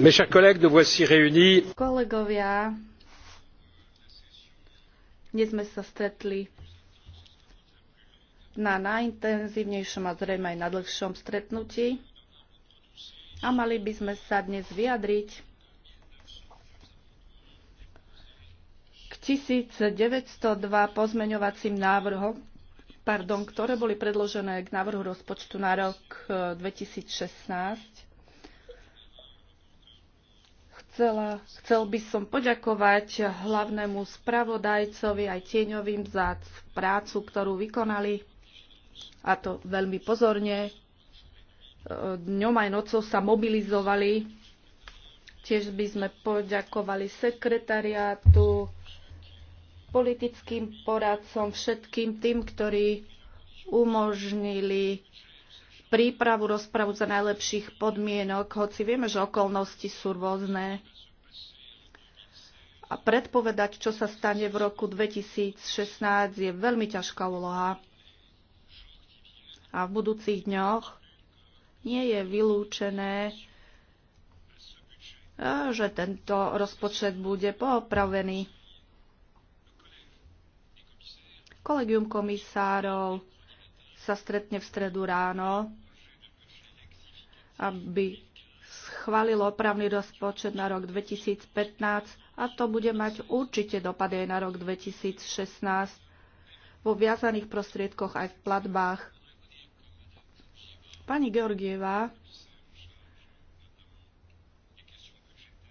Mes chers collègues, nous voici réunis. Kolegovia, dnes sme sa stretli na najintenzívnejšom a zrejme aj na dlhšom stretnutí a mali by sme sa dnes vyjadriť 1902 pozmeňovacím návrhom, pardon, ktoré boli predložené k návrhu rozpočtu na rok 2016. E, Chcela, chcel by som poďakovať hlavnému spravodajcovi aj tieňovým za prácu, ktorú vykonali a to veľmi pozorne. E, dňom aj nocou sa mobilizovali. Tiež by sme poďakovali sekretariátu, politickým poradcom, všetkým tým, ktorí umožnili prípravu, rozpravu za najlepších podmienok, hoci vieme, že okolnosti sú rôzne. A predpovedať, čo sa stane v roku 2016, je veľmi ťažká úloha. A v budúcich dňoch nie je vylúčené, eh, že tento rozpočet bude poopravený. Kolegium komisárov sa stretne v stredu ráno, aby schválil opravný rozpočet na rok 2015 a to bude mať určite dopady aj na rok 2016 vo viazaných prostriedkoch aj v platbách. Pani Georgieva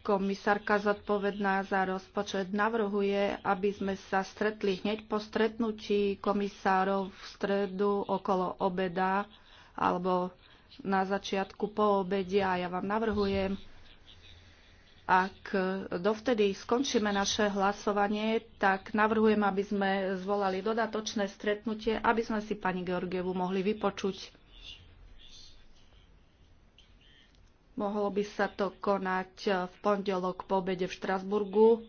komisárka zodpovedná za rozpočet navrhuje, aby sme sa stretli hneď po stretnutí komisárov v stredu okolo obeda alebo na začiatku po obede a ja vám navrhujem, ak dovtedy skončíme naše hlasovanie, tak navrhujem, aby sme zvolali dodatočné stretnutie, aby sme si pani Georgievu mohli vypočuť. Mohlo by sa to konať e, v pondelok po obede v Štrasburgu,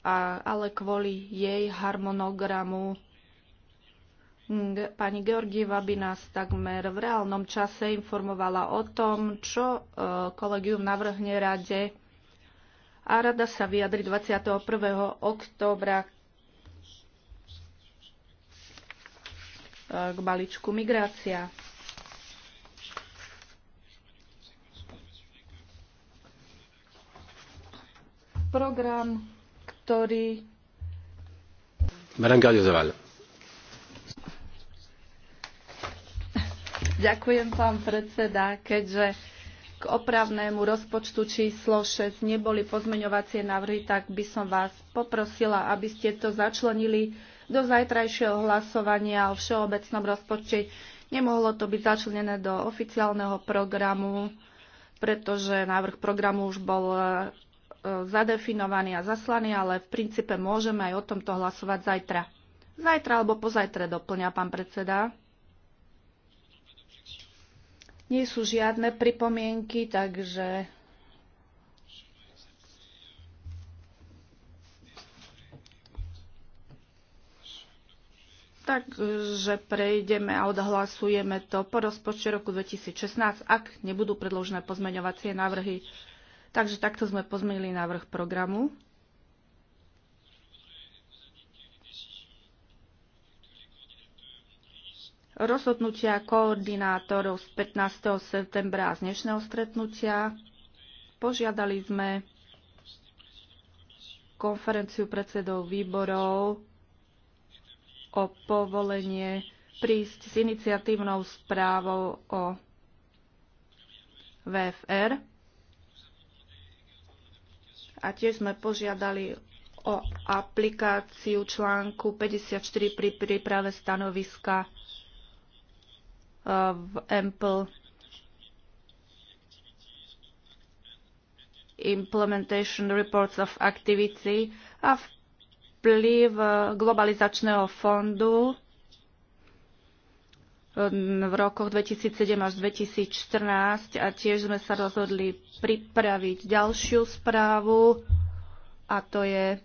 a, ale kvôli jej harmonogramu pani Georgieva by nás takmer v reálnom čase informovala o tom, čo e, kolegium navrhne rade a rada sa vyjadri 21. októbra e, k balíčku migrácia. program, ktorý... Ďakujem, pán predseda, keďže k opravnému rozpočtu číslo 6 neboli pozmeňovacie návrhy, tak by som vás poprosila, aby ste to začlenili do zajtrajšieho hlasovania o všeobecnom rozpočte. Nemohlo to byť začlenené do oficiálneho programu, pretože návrh programu už bol E, zadefinovaný a zaslaný, ale v princípe môžeme aj o tomto hlasovať zajtra. Zajtra alebo pozajtre doplňa pán predseda. Nie sú žiadne pripomienky, takže Takže prejdeme a odhlasujeme to po rozpočte roku 2016, ak nebudú predložené pozmeňovacie návrhy. Takže takto sme pozmenili návrh programu. Rozhodnutia koordinátorov z 15. septembra a z dnešného stretnutia požiadali sme konferenciu predsedov výborov o povolenie prísť s iniciatívnou správou o VFR a tiež sme požiadali o aplikáciu článku 54 pri príprave stanoviska e, v EMPL Implementation Reports of Activity a vplyv globalizačného fondu v rokoch 2007 až 2014 a tiež sme sa rozhodli pripraviť ďalšiu správu a to je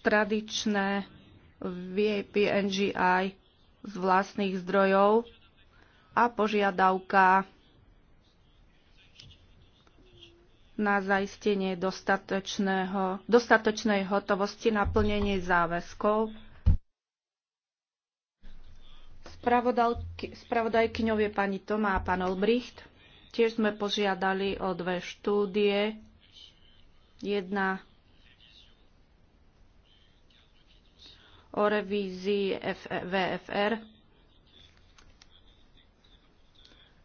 tradičné VIP NGI z vlastných zdrojov a požiadavka na zaistenie dostatočnej hotovosti na plnenie záväzkov Spravodajkyňov je pani Toma a pán Olbricht. Tiež sme požiadali o dve štúdie. Jedna o revízii VFR.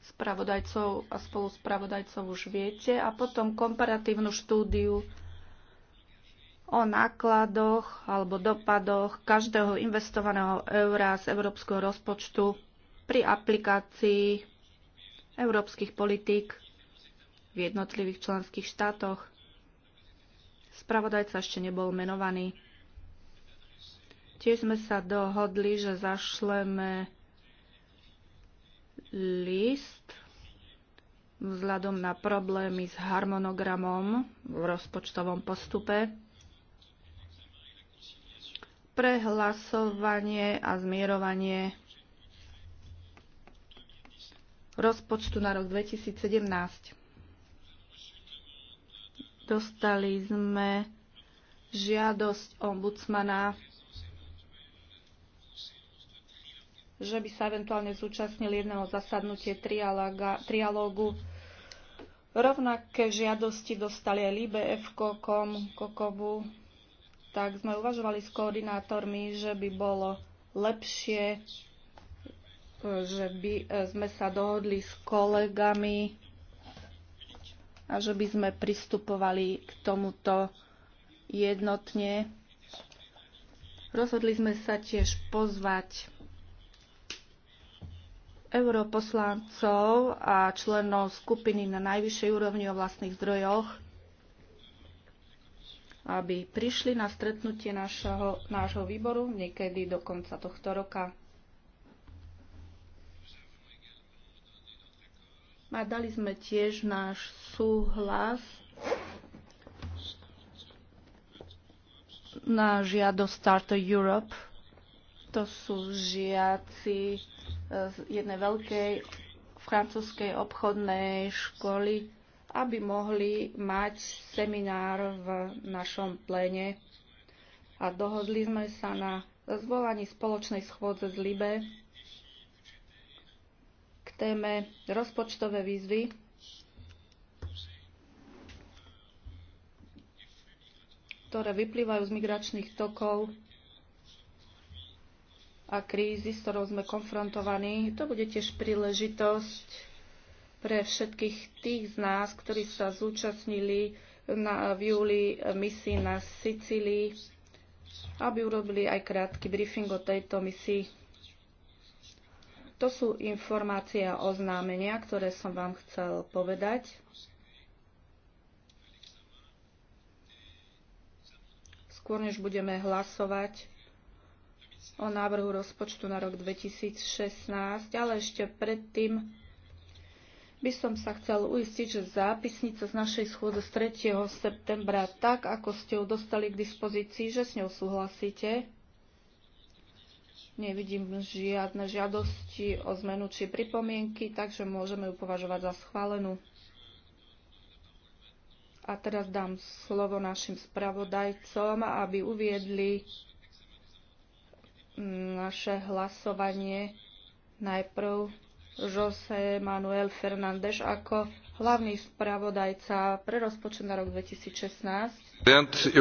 Spravodajcov a spoluspravodajcov už viete. A potom komparatívnu štúdiu o nákladoch alebo dopadoch každého investovaného eura z európskeho rozpočtu pri aplikácii európskych politík v jednotlivých členských štátoch. Spravodajca ešte nebol menovaný. Tiež sme sa dohodli, že zašleme list vzhľadom na problémy s harmonogramom v rozpočtovom postupe prehlasovanie a zmierovanie rozpočtu na rok 2017. Dostali sme žiadosť ombudsmana, že by sa eventuálne zúčastnili jedného zasadnutie trialógu. Rovnaké žiadosti dostali aj Libe, FKO, KOM, KOKOVU, tak sme uvažovali s koordinátormi, že by bolo lepšie, e, že by e, sme sa dohodli s kolegami a že by sme pristupovali k tomuto jednotne. Rozhodli sme sa tiež pozvať europoslancov a členov skupiny na najvyššej úrovni o vlastných zdrojoch aby prišli na stretnutie našho, nášho výboru niekedy do konca tohto roka. A dali sme tiež náš súhlas na žiadosť Start Europe. To sú žiaci eh, z jednej veľkej francúzskej obchodnej školy, aby mohli mať seminár v našom plene. A dohodli sme sa na zvolaní spoločnej schôdze z Libe k téme rozpočtové výzvy ktoré vyplývajú z migračných tokov a krízy, s ktorou sme konfrontovaní. To bude tiež príležitosť pre všetkých tých z nás, ktorí sa zúčastnili na, v júli misii na Sicílii, aby urobili aj krátky briefing o tejto misii. To sú informácie a oznámenia, ktoré som vám chcel povedať. Skôr než budeme hlasovať o návrhu rozpočtu na rok 2016, ale ešte predtým by som sa chcel uistiť, že zápisnica z našej schôdze z 3. septembra, tak ako ste ju dostali k dispozícii, že s ňou súhlasíte. Nevidím žiadne žiadosti o zmenu či pripomienky, takže môžeme ju považovať za schválenú. A teraz dám slovo našim spravodajcom, aby uviedli naše hlasovanie najprv José Manuel Fernández ako hlavný spravodajca pre rozpočet na rok 2016. Eh,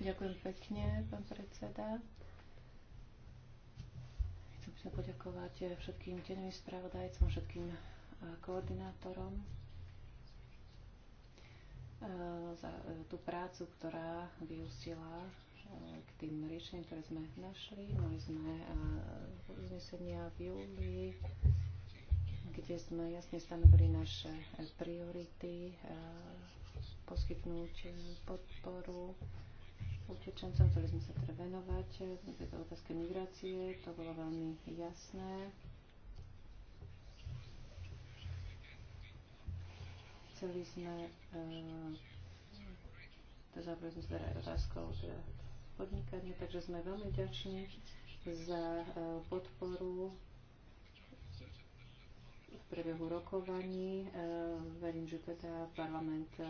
Ďakujem pekne, pán predseda. Chcem sa poďakovať eh, všetkým tenovým spravodajcom, všetkým eh, koordinátorom za tú prácu, ktorá vyústila k tým riešeniam, ktoré sme našli. Mali sme eh, uznesenia v júli, kde sme jasne stanovili naše priority, eh, poskytnúť podporu utečencom, ktorí sme sa teda venovať eh, tejto otázke migrácie. To bolo veľmi jasné. Chceli sme to zároveň sme sa teda aj otázkou teda podnikanie, takže sme veľmi vďační za e, podporu v priebehu rokovaní. E, verím, že teda parlament e,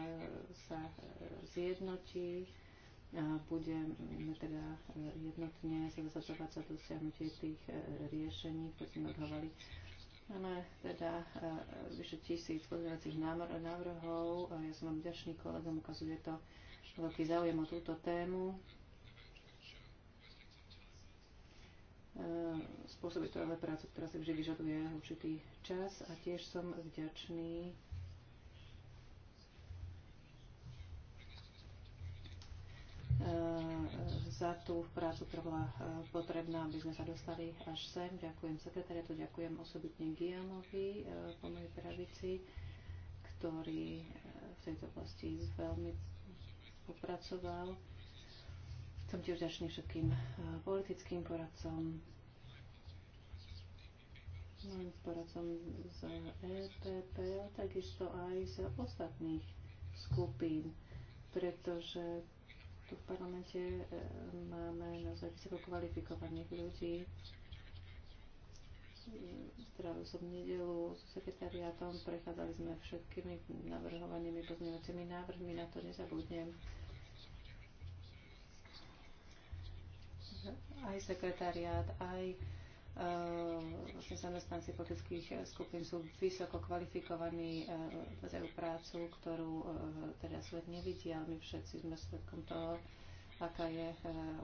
sa zjednotí a budeme mm, teda jednotne sa zasadzovať za dosiahnutie tých riešení, ktoré sme odhovali. Máme teda vyše tisíc pozmeňovacích návrhov. Ja som vám vďačný kolegom, ukazuje to veľký záujem o túto tému. E, spôsobí to ale práca, ktorá si vždy vyžaduje určitý čas a tiež som vďačný e, za tú prácu, ktorá bola e, potrebná, aby sme sa dostali až sem. Ďakujem sekretariatu, ďakujem osobitne Guillaumovi po mojej pravici, ktorý v tejto oblasti veľmi popracoval. Som tiež vďačný všetkým e, politickým poradcom, mojim poradcom z EPP, a takisto aj z ostatných skupín, pretože tu v parlamente e, máme naozaj vysoko kvalifikovaných ľudí, strávil teda som nedelu so sekretariátom, prechádzali sme všetkými navrhovanými pozmeňovacími návrhmi, na to nezabudnem. aj sekretariát, aj eh, vlastne zamestnanci politických eh, skupín sú vysoko kvalifikovaní, eh, vedajú prácu, ktorú teda svet nevidí, ale my všetci sme svetkom toho, aká je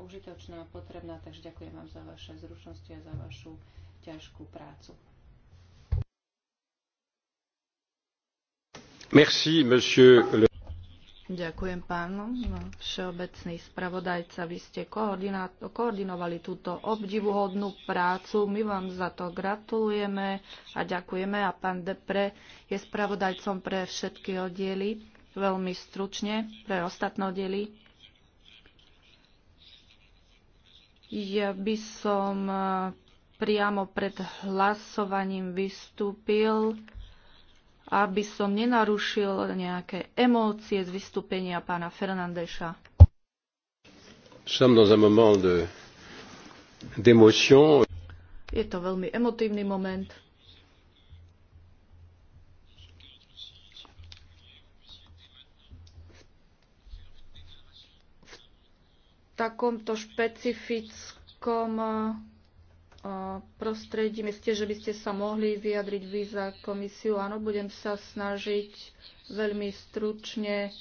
užitočná a potrebná. Takže ďakujem vám za vaše zručnosti a za vašu ťažkú prácu. Merci, monsieur le Ďakujem, pán všeobecný spravodajca. Vy ste koordinovali túto obdivuhodnú prácu. My vám za to gratulujeme a ďakujeme. A pán Depre je spravodajcom pre všetky oddiely, veľmi stručne pre ostatné oddiely. Ja by som eh, priamo pred hlasovaním vystúpil aby som nenarušil nejaké emócie z vystúpenia pána Fernandeša. Je to veľmi emotívny moment. V takomto špecifickom prostredí. Myslíte, že by ste sa mohli vyjadriť vy za komisiu? Áno, budem sa snažiť veľmi stručne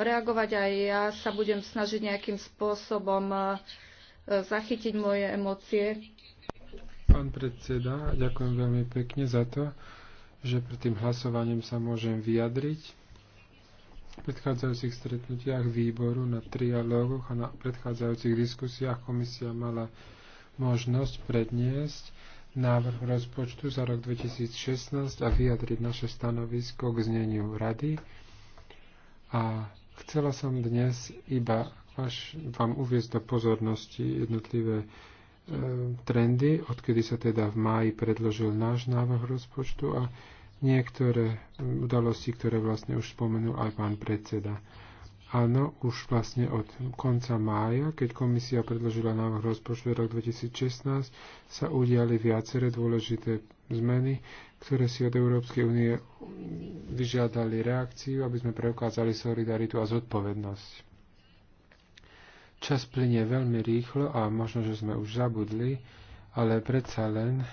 reagovať aj ja sa budem snažiť nejakým spôsobom e, zachytiť moje emócie. Pán predseda, ďakujem veľmi pekne za to, že pred tým hlasovaním sa môžem vyjadriť. V predchádzajúcich stretnutiach výboru na trialógoch a na predchádzajúcich diskusiách komisia mala možnosť predniesť návrh rozpočtu za rok 2016 a vyjadriť naše stanovisko k zneniu rady. A chcela som dnes iba až vám uviezť do pozornosti jednotlivé e, trendy, odkedy sa teda v máji predložil náš návrh rozpočtu a niektoré udalosti, ktoré vlastne už spomenul aj pán predseda. Áno, už vlastne od konca mája, keď komisia predložila návrh rozpočtu rok 2016, sa udiali viaceré dôležité zmeny, ktoré si od Európskej únie vyžiadali reakciu, aby sme preukázali solidaritu a zodpovednosť. Čas plinie veľmi rýchlo a možno, že sme už zabudli, ale predsa len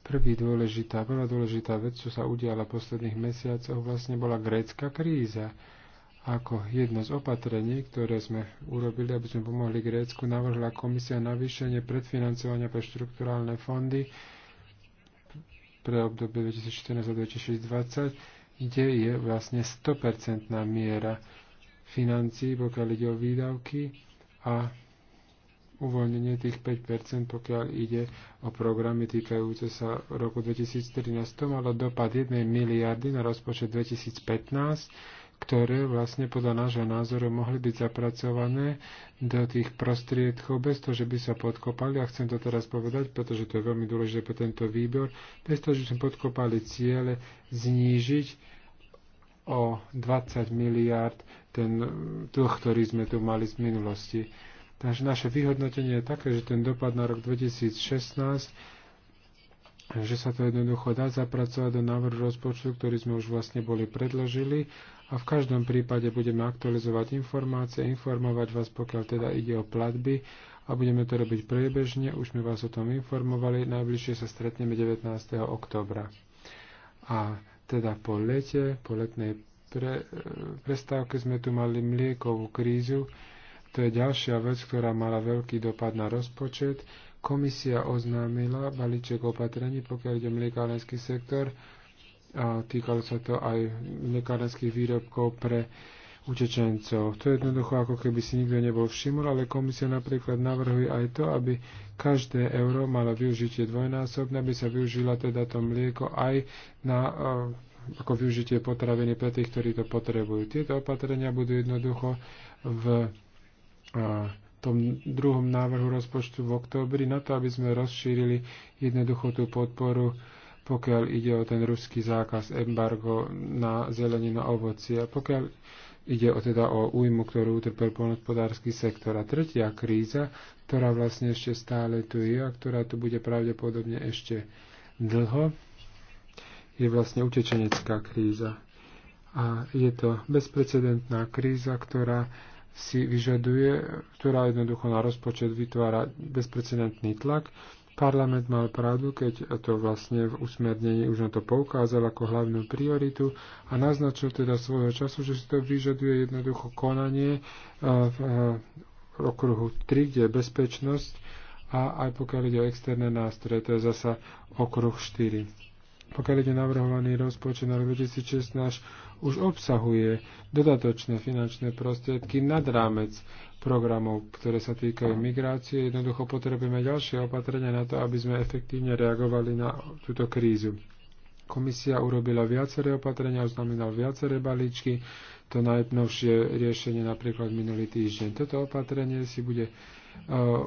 prvý dôležitá, prvá dôležitá vec, čo sa udiala v posledných mesiacoch, vlastne bola grécka kríza ako jedno z opatrení, ktoré sme urobili, aby sme pomohli Grécku, navrhla komisia navýšenie predfinancovania pre štrukturálne fondy pre obdobie 2014 a 2020, kde je vlastne 100% miera financií, pokiaľ ide o výdavky a uvoľnenie tých 5%, pokiaľ ide o programy týkajúce sa roku 2013. To malo dopad 1 miliardy na rozpočet 2015, ktoré vlastne podľa nášho názoru mohli byť zapracované do tých prostriedkov bez toho, že by sa podkopali. A chcem to teraz povedať, pretože to je veľmi dôležité pre tento výbor. Bez toho, že sme podkopali ciele znížiť o 20 miliard, ten dlh, ktorý sme tu mali z minulosti. Takže naše vyhodnotenie je také, že ten dopad na rok 2016 že sa to jednoducho dá zapracovať do návrhu rozpočtu, ktorý sme už vlastne boli predložili a v každom prípade budeme aktualizovať informácie, informovať vás, pokiaľ teda ide o platby a budeme to robiť priebežne. Už sme vás o tom informovali. Najbližšie sa stretneme 19. oktobra. A teda po lete, po letnej pre, prestávke sme tu mali mliekovú krízu. To je ďalšia vec, ktorá mala veľký dopad na rozpočet. Komisia oznámila balíček opatrení, pokiaľ ide mliekárenský sektor, a týkalo sa to aj nekárenských výrobkov pre utečencov. To je jednoducho ako keby si nikto nebol všimol, ale komisia napríklad navrhuje aj to, aby každé euro malo využitie dvojnásobné, aby sa využila teda to mlieko aj na e, ako využitie potraviny pre tých, ktorí to potrebujú. Tieto opatrenia budú jednoducho v a, e, tom druhom návrhu rozpočtu v októbri na to, aby sme rozšírili jednoducho tú podporu pokiaľ ide o ten ruský zákaz embargo na zeleninu a ovoci a pokiaľ ide o, teda o újmu, ktorú utrpel polnospodársky sektor. A tretia kríza, ktorá vlastne ešte stále tu je a ktorá tu bude pravdepodobne ešte dlho, je vlastne utečenecká kríza. A je to bezprecedentná kríza, ktorá si vyžaduje, ktorá jednoducho na rozpočet vytvára bezprecedentný tlak Parlament mal pravdu, keď to vlastne v usmernení už na to poukázal ako hlavnú prioritu a naznačil teda svojho času, že si to vyžaduje jednoducho konanie e, e, v okruhu 3, kde je bezpečnosť a aj pokiaľ ide o externé nástroje, to je zasa okruh 4. Pokiaľ ide navrhovaný rozpočet na 2016, už obsahuje dodatočné finančné prostriedky nad rámec programov, ktoré sa týkajú migrácie. Jednoducho potrebujeme ďalšie opatrenia na to, aby sme efektívne reagovali na túto krízu. Komisia urobila viaceré opatrenia, oznámila viaceré balíčky, to najnovšie riešenie napríklad minulý týždeň. Toto opatrenie si bude e,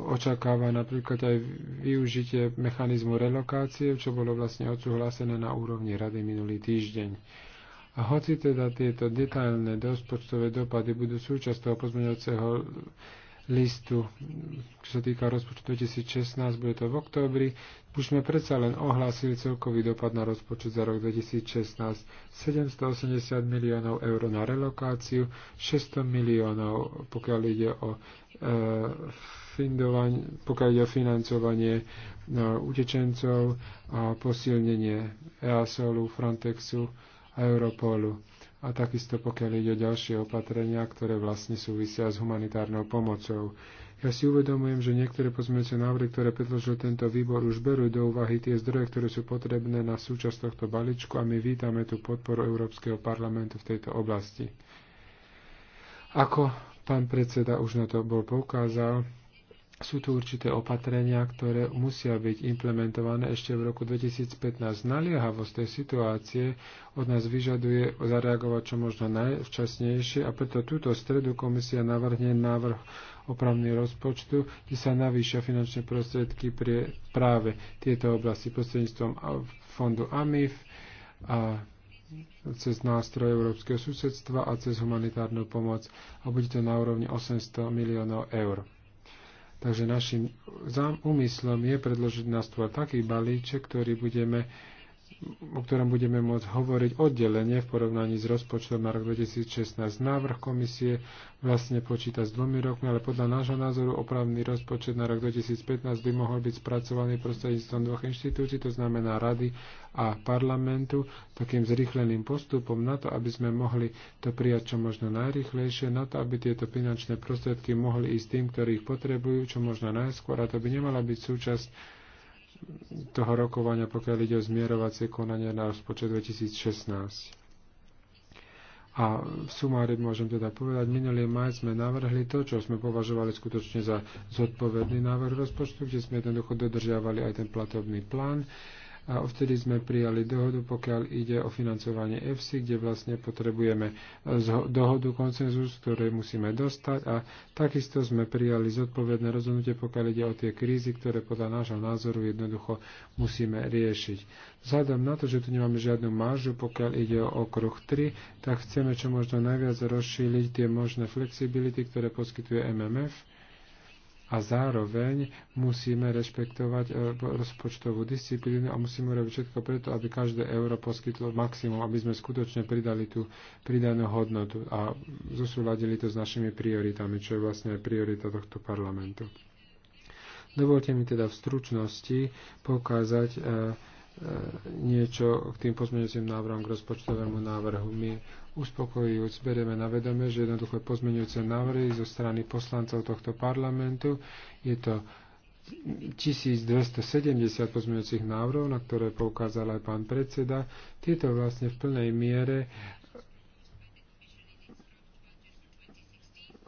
očakáva napríklad aj využitie mechanizmu relokácie, čo bolo vlastne odsúhlasené na úrovni rady minulý týždeň. A hoci teda tieto detailné rozpočtové dopady budú súčasťou pozmeňovacieho listu, čo sa týka rozpočtu 2016, bude to v októbri, už sme predsa len ohlásili celkový dopad na rozpočet za rok 2016 780 miliónov eur na relokáciu, 600 miliónov, pokiaľ ide o, e, pokiaľ ide o financovanie e, utečencov a posilnenie EASOLu, Frontexu, a Europolu. A takisto pokiaľ ide o ďalšie opatrenia, ktoré vlastne súvisia s humanitárnou pomocou. Ja si uvedomujem, že niektoré pozmeňujúce návrhy, ktoré predložil tento výbor, už berú do úvahy tie zdroje, ktoré sú potrebné na súčasť tohto balíčku a my vítame tú podporu Európskeho parlamentu v tejto oblasti. Ako pán predseda už na to bol poukázal, sú tu určité opatrenia, ktoré musia byť implementované ešte v roku 2015. Naliehavosť tej situácie od nás vyžaduje zareagovať čo možno najvčasnejšie a preto túto stredu komisia navrhne návrh opravný rozpočtu, kde sa navýšia finančné prostriedky pre práve tieto oblasti prostredníctvom fondu AMIF a cez nástroj európskeho susedstva a cez humanitárnu pomoc a bude to na úrovni 800 miliónov eur. Takže našim úmyslom je predložiť na stôl taký balíček, ktorý budeme o ktorom budeme môcť hovoriť oddelenie v porovnaní s rozpočtom na rok 2016. Návrh komisie vlastne počíta s dvomi rokmi, ale podľa nášho názoru opravný rozpočet na rok 2015 by mohol byť spracovaný prostredníctvom dvoch inštitúcií, to znamená Rady a parlamentu, takým zrýchleným postupom na to, aby sme mohli to prijať čo možno najrychlejšie, na to, aby tieto finančné prostriedky mohli ísť tým, ktorí ich potrebujú, čo možno najskôr, a to by nemala byť súčasť toho rokovania, pokiaľ ide o zmierovacie konanie na rozpočet 2016. A v sumári môžem teda povedať, minulý maj sme navrhli to, čo sme považovali skutočne za zodpovedný návrh rozpočtu, kde sme jednoducho dodržiavali aj ten platobný plán. Uh, a vtedy sme prijali dohodu, pokiaľ ide o financovanie EFSI, kde vlastne potrebujeme e, dohodu, koncenzus, ktoré musíme dostať a takisto sme prijali zodpovedné rozhodnutie, pokiaľ ide o tie krízy, ktoré podľa nášho názoru jednoducho musíme riešiť. Vzhľadom na to, že tu nemáme žiadnu maržu, pokiaľ ide o okruh 3, tak chceme čo možno najviac rozšíriť tie možné flexibility, ktoré poskytuje MMF a zároveň musíme rešpektovať e, rozpočtovú disciplínu a musíme robiť všetko preto, aby každé euro poskytlo maximum, aby sme skutočne pridali tú pridanú hodnotu a zosúladili to s našimi prioritami, čo je vlastne aj priorita tohto parlamentu. Dovolte mi teda v stručnosti poukázať e, niečo k tým pozmeňujúcim návrhom k rozpočtovému návrhu. My uspokojujúc berieme na vedome, že jednoduché pozmeňujúce návrhy zo strany poslancov tohto parlamentu je to 1270 pozmeňujúcich návrhov, na ktoré poukázal aj pán predseda. Tieto vlastne v plnej miere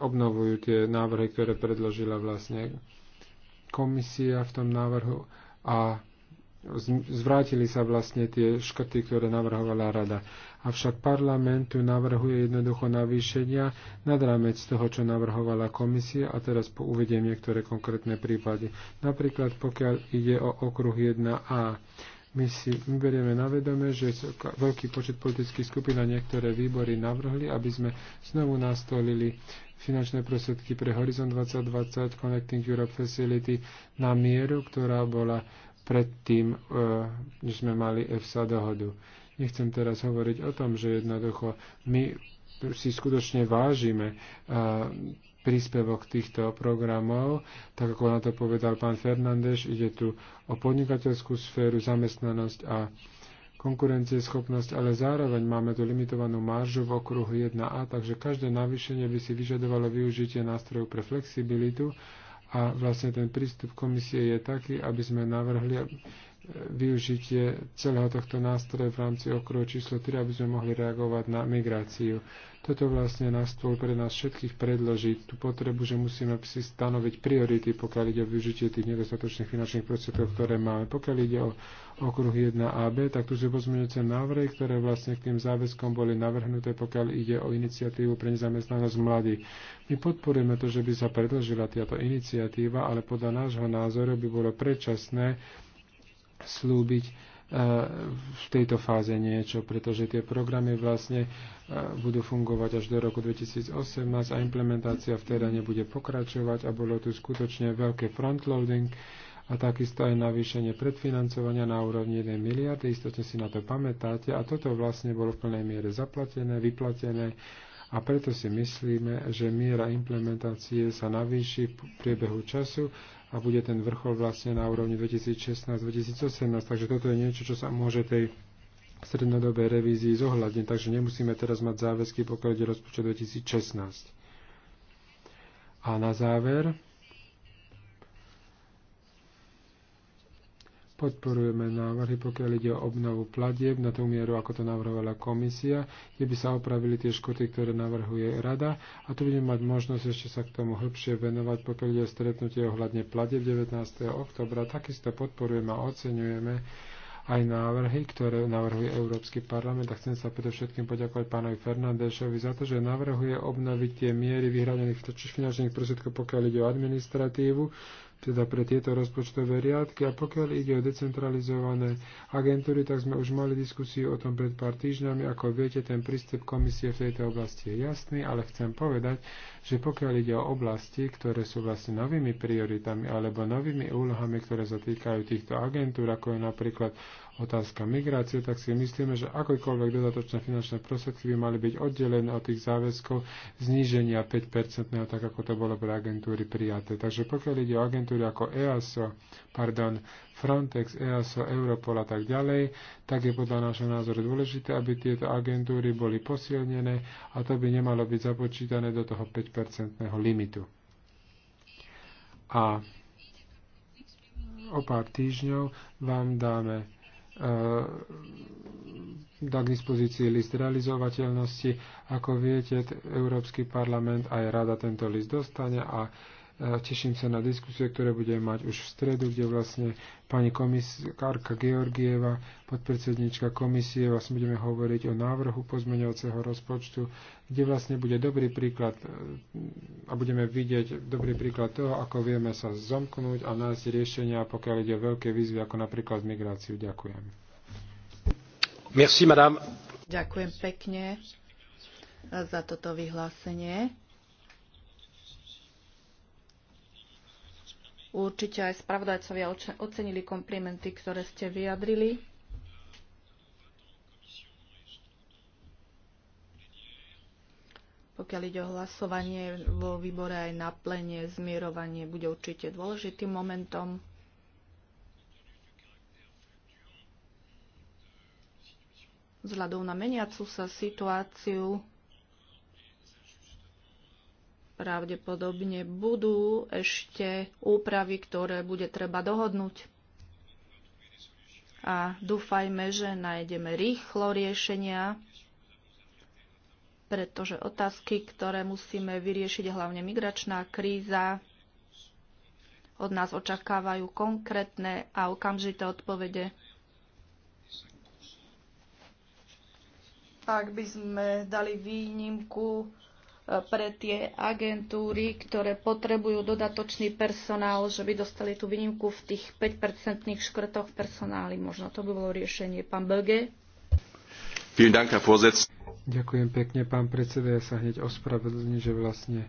obnovujú tie návrhy, ktoré predložila vlastne komisia v tom návrhu a zvrátili sa vlastne tie škrty, ktoré navrhovala rada. Avšak parlament tu navrhuje jednoducho navýšenia nad rámec toho, čo navrhovala komisia a teraz uvediem niektoré konkrétne prípady. Napríklad pokiaľ ide o okruh 1a, my si berieme na vedome, že veľký počet politických skupín a niektoré výbory navrhli, aby sme znovu nastolili finančné prostriedky pre Horizon 2020 Connecting Europe Facility na mieru, ktorá bola predtým, e, než sme mali EFSA dohodu. Nechcem teraz hovoriť o tom, že jednoducho my si skutočne vážime e, príspevok týchto programov. Tak ako na to povedal pán Fernández, ide tu o podnikateľskú sféru, zamestnanosť a konkurencieschopnosť, ale zároveň máme tu limitovanú maržu v okruhu 1A, takže každé navýšenie by si vyžadovalo využitie nástrojov pre flexibilitu a vlastne ten prístup komisie je taký, aby sme navrhli využitie celého tohto nástroja v rámci okruhu číslo 3, aby sme mohli reagovať na migráciu. Toto vlastne na stôl pre nás všetkých predloží tú potrebu, že musíme si stanoviť priority, pokiaľ ide o využitie tých nedostatočných finančných prostriedkov, ktoré máme. Pokiaľ ide o okruh 1AB, tak tu sú pozmeňujúce návrhy, ktoré vlastne k tým záväzkom boli navrhnuté, pokiaľ ide o iniciatívu pre nezamestnanosť mladých. My podporujeme to, že by sa predložila táto iniciatíva, ale podľa nášho názoru by bolo predčasné slúbiť e, v tejto fáze niečo, pretože tie programy vlastne e, budú fungovať až do roku 2018 a implementácia v teréne nebude pokračovať a bolo tu skutočne veľké frontloading a takisto aj navýšenie predfinancovania na úrovni 1 miliardy, istotne si na to pamätáte a toto vlastne bolo v plnej miere zaplatené, vyplatené a preto si myslíme, že miera implementácie sa navýši v priebehu času a bude ten vrchol vlastne na úrovni 2016-2018. Takže toto je niečo, čo sa môže tej strednodobej revízii zohľadniť, takže nemusíme teraz mať záväzky pokiaľ ide rozpočet 2016. A na záver, podporujeme návrhy, pokiaľ ide o obnovu platieb na tú mieru, ako to navrhovala komisia, kde by sa opravili tie škoty, ktoré navrhuje rada. A tu budeme mať možnosť ešte sa k tomu hĺbšie venovať, pokiaľ ide o stretnutie ohľadne platieb 19. oktobra. Takisto podporujeme a oceňujeme aj návrhy, ktoré navrhuje Európsky parlament. A chcem sa predovšetkým poďakovať pánovi Fernandešovi za to, že navrhuje obnoviť tie miery vyhradených finančných prostriedkov, pokiaľ ide o administratívu, teda pre tieto rozpočtové riadky. A pokiaľ ide o decentralizované agentúry, tak sme už mali diskusiu o tom pred pár týždňami. Ako viete, ten prístup komisie v tejto oblasti je jasný, ale chcem povedať, že pokiaľ ide o oblasti, ktoré sú vlastne novými prioritami alebo novými úlohami, ktoré sa týkajú týchto agentúr, ako je napríklad otázka migrácie, tak si myslíme, že akokoľvek dodatočné finančné prostriedky by mali byť oddelené od tých záväzkov zníženia 5-percentného, tak ako to bolo pre agentúry prijaté. Takže pokiaľ ide o agentúry ako EASO, pardon, Frontex, EASO, Europol a tak ďalej, tak je podľa nášho názoru dôležité, aby tieto agentúry boli posilnené a to by nemalo byť započítané do toho 5-percentného limitu. A o pár týždňov vám dáme E, dá k dispozícii list realizovateľnosti. Ako viete, Európsky parlament aj rada tento list dostane a Teším sa na diskusie, ktoré budeme mať už v stredu, kde vlastne pani komisárka Georgieva, podpredsednička komisie, vlastne budeme hovoriť o návrhu pozmeňovacieho rozpočtu, kde vlastne bude dobrý príklad e, a budeme vidieť dobrý príklad toho, ako vieme sa zomknúť a nájsť riešenia, pokiaľ ide o veľké výzvy, ako napríklad migráciu. Ďakujem. Merci, madame. Ďakujem pekne za toto vyhlásenie. Určite aj spravodajcovia ocenili komplimenty, ktoré ste vyjadrili. Pokiaľ ide o hlasovanie vo výbore aj na plene, zmierovanie bude určite dôležitým momentom. Vzhľadom na meniacu sa situáciu pravdepodobne budú ešte úpravy, ktoré bude treba dohodnúť. A dúfajme, že nájdeme rýchlo riešenia, pretože otázky, ktoré musíme vyriešiť, hlavne migračná kríza, od nás očakávajú konkrétne a okamžité odpovede. Ak by sme dali výnimku pre tie agentúry, ktoré potrebujú dodatočný personál, že by dostali tú výnimku v tých 5-percentných škrtoch v personáli. Možno to by bolo riešenie. Pán Belge. Ďakujem pekne, pán predseda. Ja sa hneď ospravedlňujem, že vlastne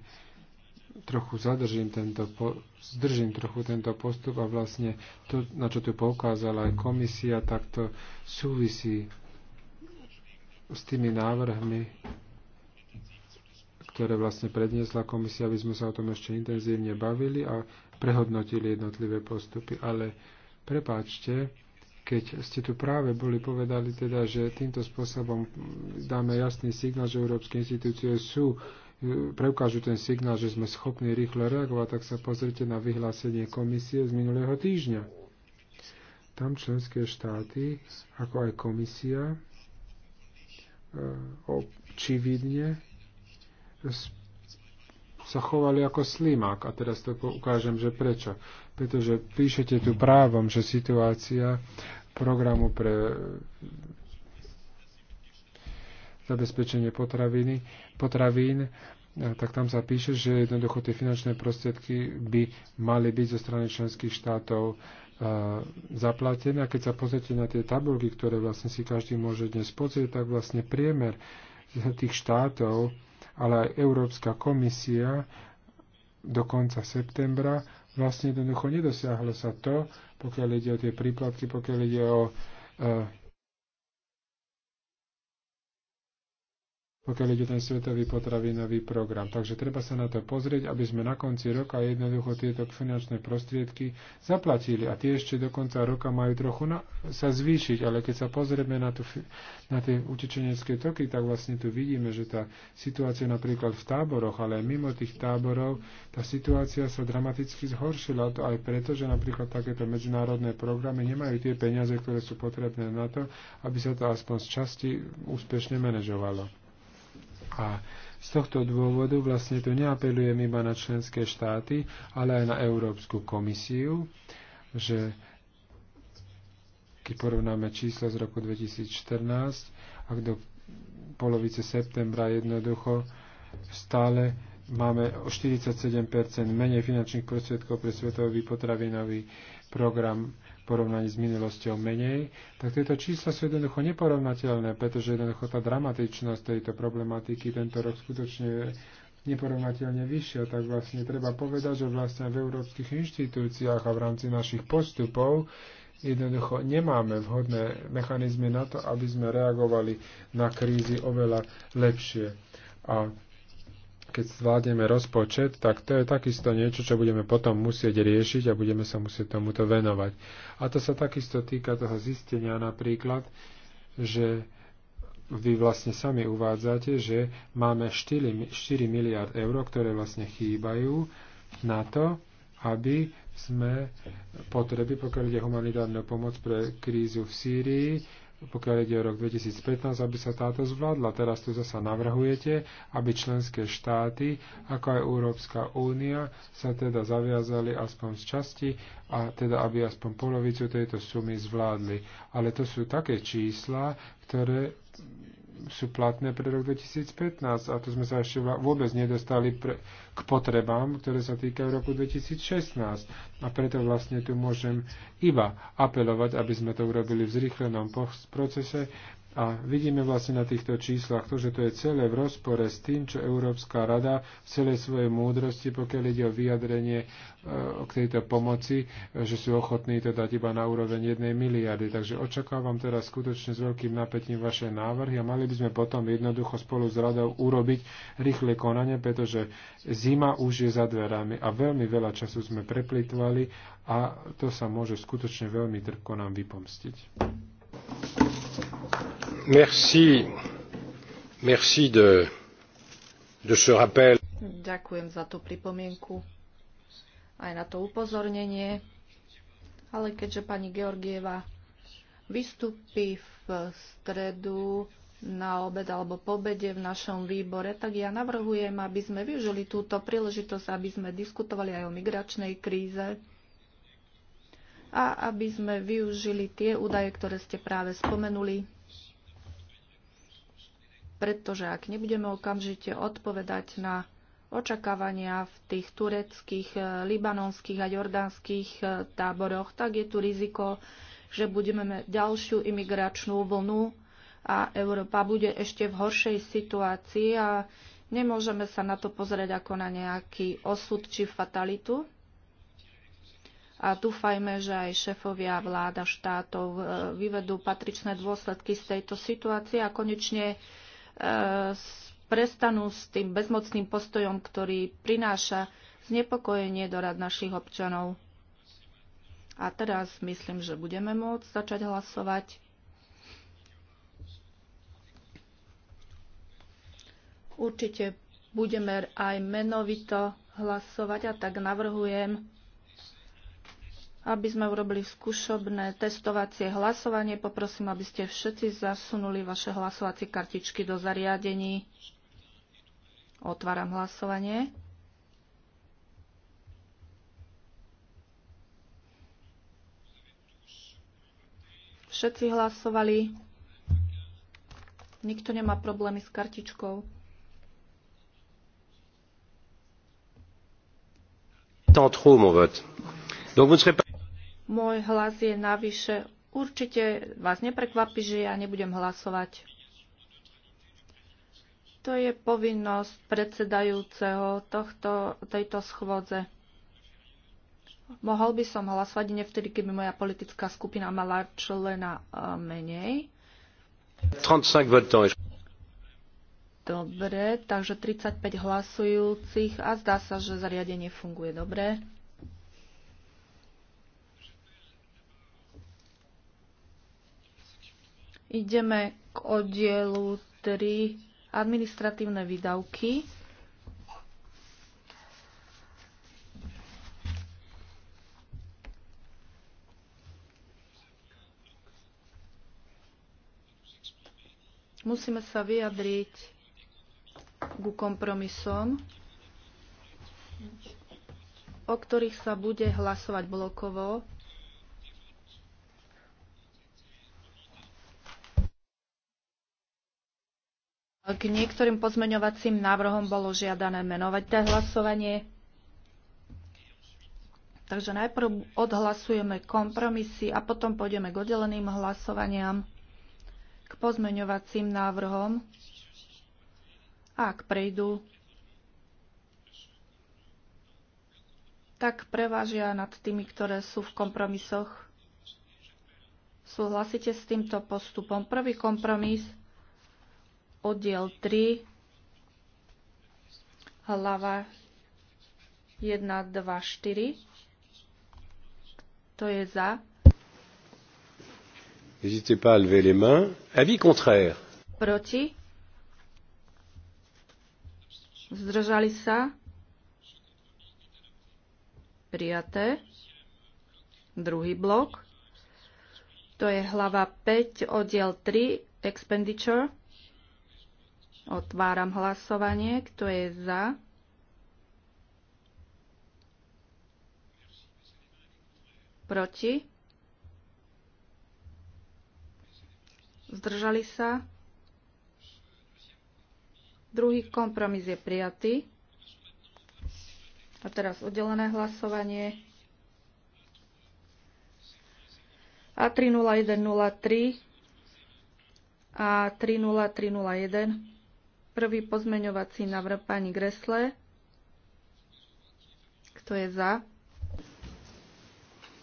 trochu zadržím tento, po, zdržím trochu tento postup a vlastne to, na čo tu poukázala aj komisia, tak to súvisí s tými návrhmi, ktoré vlastne predniesla komisia, aby sme sa o tom ešte intenzívne bavili a prehodnotili jednotlivé postupy. Ale prepáčte, keď ste tu práve boli povedali teda, že týmto spôsobom dáme jasný signál, že európske inštitúcie sú preukážu ten signál, že sme schopní rýchlo reagovať, tak sa pozrite na vyhlásenie komisie z minulého týždňa. Tam členské štáty, ako aj komisia, e, očividne sa chovali ako slimák. A teraz to ukážem, že prečo. Pretože píšete tu právom, že situácia programu pre zabezpečenie potraviny, potravín, tak tam sa píše, že jednoducho tie finančné prostriedky by mali byť zo strany členských štátov zaplatené. A keď sa pozrite na tie tabulky, ktoré vlastne si každý môže dnes pozrieť, tak vlastne priemer tých štátov ale aj Európska komisia do konca septembra vlastne jednoducho nedosiahlo sa to, pokiaľ ide o tie príplatky, pokiaľ ide o e, pokiaľ ide ten svetový potravinový program. Takže treba sa na to pozrieť, aby sme na konci roka jednoducho tieto finančné prostriedky zaplatili. A tie ešte do konca roka majú trochu na, sa zvýšiť, ale keď sa pozrieme na, tú, na tie utečenecké toky, tak vlastne tu vidíme, že tá situácia napríklad v táboroch, ale aj mimo tých táborov, tá situácia sa dramaticky zhoršila. To aj preto, že napríklad takéto medzinárodné programy nemajú tie peniaze, ktoré sú potrebné na to, aby sa to aspoň z časti úspešne manažovalo. A z tohto dôvodu vlastne tu neapelujem iba na členské štáty, ale aj na Európsku komisiu, že keď porovnáme čísla z roku 2014, ak do polovice septembra jednoducho stále máme o 47% menej finančných prostriedkov pre svetový potravinový program v porovnaní s minulosťou menej, tak tieto čísla sú jednoducho neporovnateľné, pretože jednoducho tá dramatičnosť tejto problematiky tento rok skutočne neporovnateľne vyššia, tak vlastne treba povedať, že vlastne v európskych inštitúciách a v rámci našich postupov jednoducho nemáme vhodné mechanizmy na to, aby sme reagovali na krízy oveľa lepšie. A keď zvládneme rozpočet, tak to je takisto niečo, čo budeme potom musieť riešiť a budeme sa musieť tomuto venovať. A to sa takisto týka toho zistenia napríklad, že vy vlastne sami uvádzate, že máme 4, 4 miliard eur, ktoré vlastne chýbajú na to, aby sme potreby, pokiaľ ide humanitárnu pomoc pre krízu v Sýrii, pokiaľ ide o rok 2015, aby sa táto zvládla. Teraz tu zasa navrhujete, aby členské štáty, ako aj Európska únia, sa teda zaviazali aspoň z časti a teda aby aspoň polovicu tejto sumy zvládli. Ale to sú také čísla, ktoré sú platné pre rok 2015 a to sme sa ešte vôbec nedostali pre, k potrebám, ktoré sa týkajú roku 2016. A preto vlastne tu môžem iba apelovať, aby sme to urobili v zrýchlenom procese, a vidíme vlastne na týchto číslach to, že to je celé v rozpore s tým, čo Európska rada v celej svojej múdrosti, pokiaľ ide o vyjadrenie e, k tejto pomoci, e, že sú ochotní to dať iba na úroveň jednej miliardy. Takže očakávam teraz skutočne s veľkým napätím vaše návrhy a mali by sme potom jednoducho spolu s radou urobiť rýchle konanie, pretože zima už je za dverami a veľmi veľa času sme preplitvali a to sa môže skutočne veľmi trpko nám vypomstiť. Merci. de, de ce rappel. Ďakujem za tú pripomienku, aj na to upozornenie. Ale keďže pani Georgieva vystúpi v stredu na obed alebo po obede v našom výbore, tak ja navrhujem, aby sme využili túto príležitosť, aby sme diskutovali aj o migračnej kríze a aby sme využili tie údaje, ktoré ste práve spomenuli pretože ak nebudeme okamžite odpovedať na očakávania v tých tureckých, e, libanonských a jordánskych e, táboroch, tak je tu riziko, že budeme mať ďalšiu imigračnú vlnu a Európa bude ešte v horšej situácii a nemôžeme sa na to pozrieť ako na nejaký osud či fatalitu. A dúfajme, že aj šefovia vláda štátov e, vyvedú patričné dôsledky z tejto situácie a konečne E, prestanú s tým bezmocným postojom, ktorý prináša znepokojenie do rad našich občanov. A teraz myslím, že budeme môcť začať hlasovať. Určite budeme aj menovito hlasovať a tak navrhujem, aby sme urobili skúšobné testovacie hlasovanie. Poprosím, aby ste všetci zasunuli vaše hlasovacie kartičky do zariadení. Otváram hlasovanie. Všetci hlasovali. Nikto nemá problémy s kartičkou. Tant trop, mon vote. Donc vous ne serez pas... Môj hlas je navyše. Určite vás neprekvapí, že ja nebudem hlasovať. To je povinnosť predsedajúceho tohto, tejto schôdze. Mohol by som hlasovať nevtedy, keby moja politická skupina mala člena menej. 35 Dobre, takže 35 hlasujúcich a zdá sa, že zariadenie funguje dobre. Ideme k oddielu 3 administratívne výdavky. Musíme sa vyjadriť ku kompromisom, o ktorých sa bude hlasovať blokovo K niektorým pozmeňovacím návrhom bolo žiadané menovať hlasovanie. Takže najprv odhlasujeme kompromisy a potom pôjdeme k oddeleným hlasovaniam k pozmeňovacím návrhom. A ak prejdú, tak prevážia nad tými, ktoré sú v kompromisoch. Súhlasíte s týmto postupom? Prvý kompromis – oddiel 3, hlava 1, 2, 4. To je za. N'hésitez pas à lever les mains. Avis contraire. Proti. Zdržali sa. Prijaté. Druhý blok. To je hlava 5, oddiel 3, expenditure. Otváram hlasovanie. Kto je za? Proti? Zdržali sa? Druhý kompromis je prijatý. A teraz oddelené hlasovanie. A30103 a 30301 Prvý pozmeňovací návrh pani Gresle. Kto je za?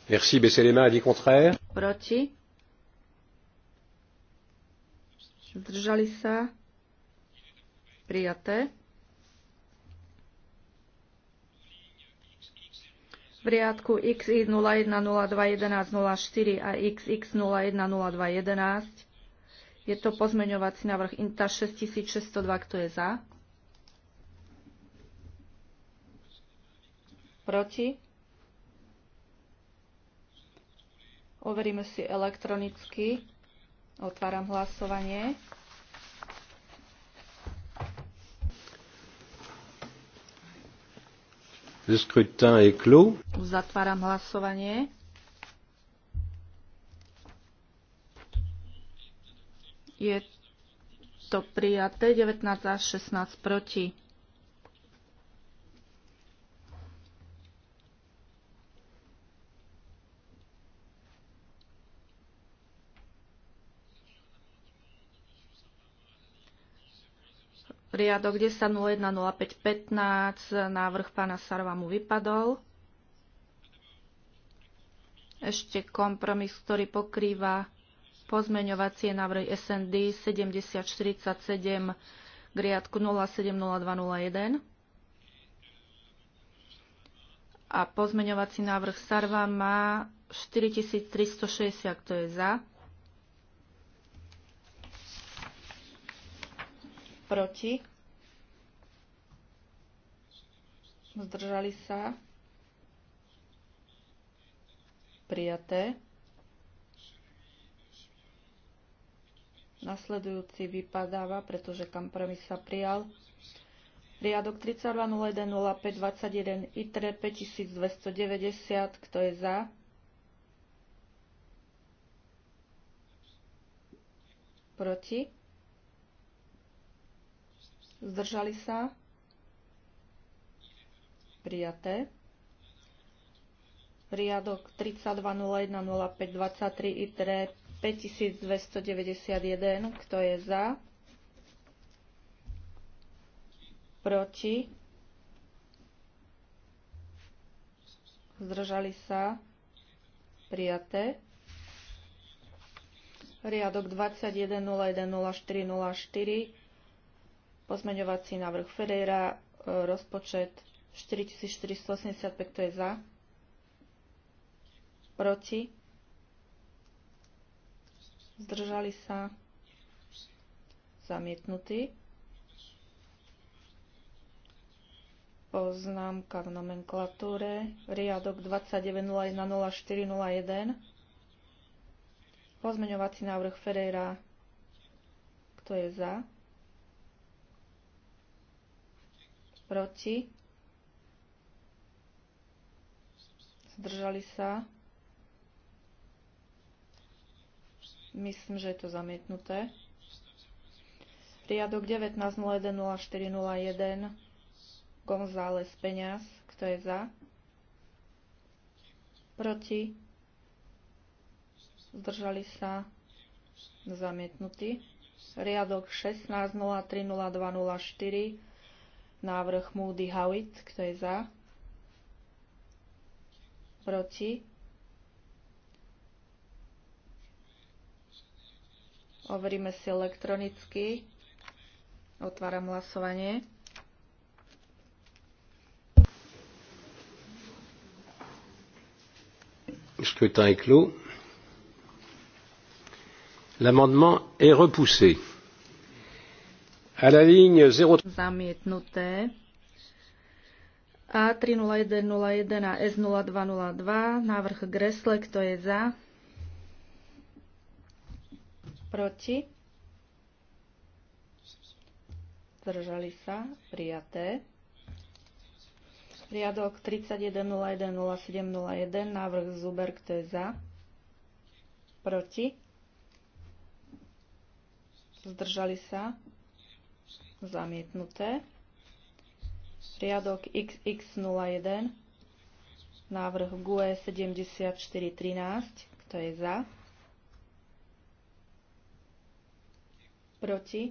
Merci, baissez les mains, dit contraire. Proti. Zdržali sa. Prijaté. v riadku xi 01021104 a xx010211 je to pozmeňovací návrh INTA 6602, kto je za? Proti? Overíme si elektronicky. Otváram hlasovanie. Le scrutin est clos. Zatváram hlasovanie. Je to prijaté 19 až 16 proti. Riadok 10.01.05.15, návrh pána Sarva mu vypadol. Ešte kompromis, ktorý pokrýva Pozmeňovacie návrhy SND 7047 k riadku 070201 a pozmeňovací návrh Sarva má 4360, kto je za. Proti. Zdržali sa. Prijaté. Nasledujúci vypadáva, pretože kompromis sa prijal. Riadok 32010521 ITRE 5290, kto je za? Proti? Zdržali sa? Prijaté. Riadok 32010523 ITRE 5291, kto je za, proti, zdržali sa, prijaté. Riadok 21010404, pozmeňovací návrh Ferreira, e, rozpočet 4485, kto je za, proti, zdržali sa, zamietnutý. Poznámka v nomenklatúre, riadok 29010401, pozmeňovací návrh Ferreira, kto je za, proti, zdržali sa, Myslím, že je to zamietnuté. Riadok 19.01.04.01 González Peňaz. Kto je za? Proti? Zdržali sa? Zamietnutý. Riadok 16.03.02.04 Návrh Moody Howitt. Kto je za? Proti? Overíme si elektronicky. Otváram hlasovanie. Scrutin est clos. L'amendement est repoussé. À la ligne 0... Zamietnuté. A30101 a S0202, návrh Gresle, kto je za? Proti? Zdržali sa. Prijaté. Riadok 31010701, návrh Zuber, kto je za? Proti? Zdržali sa? Zamietnuté. Riadok XX01, návrh GUE 7413, kto je za? proti,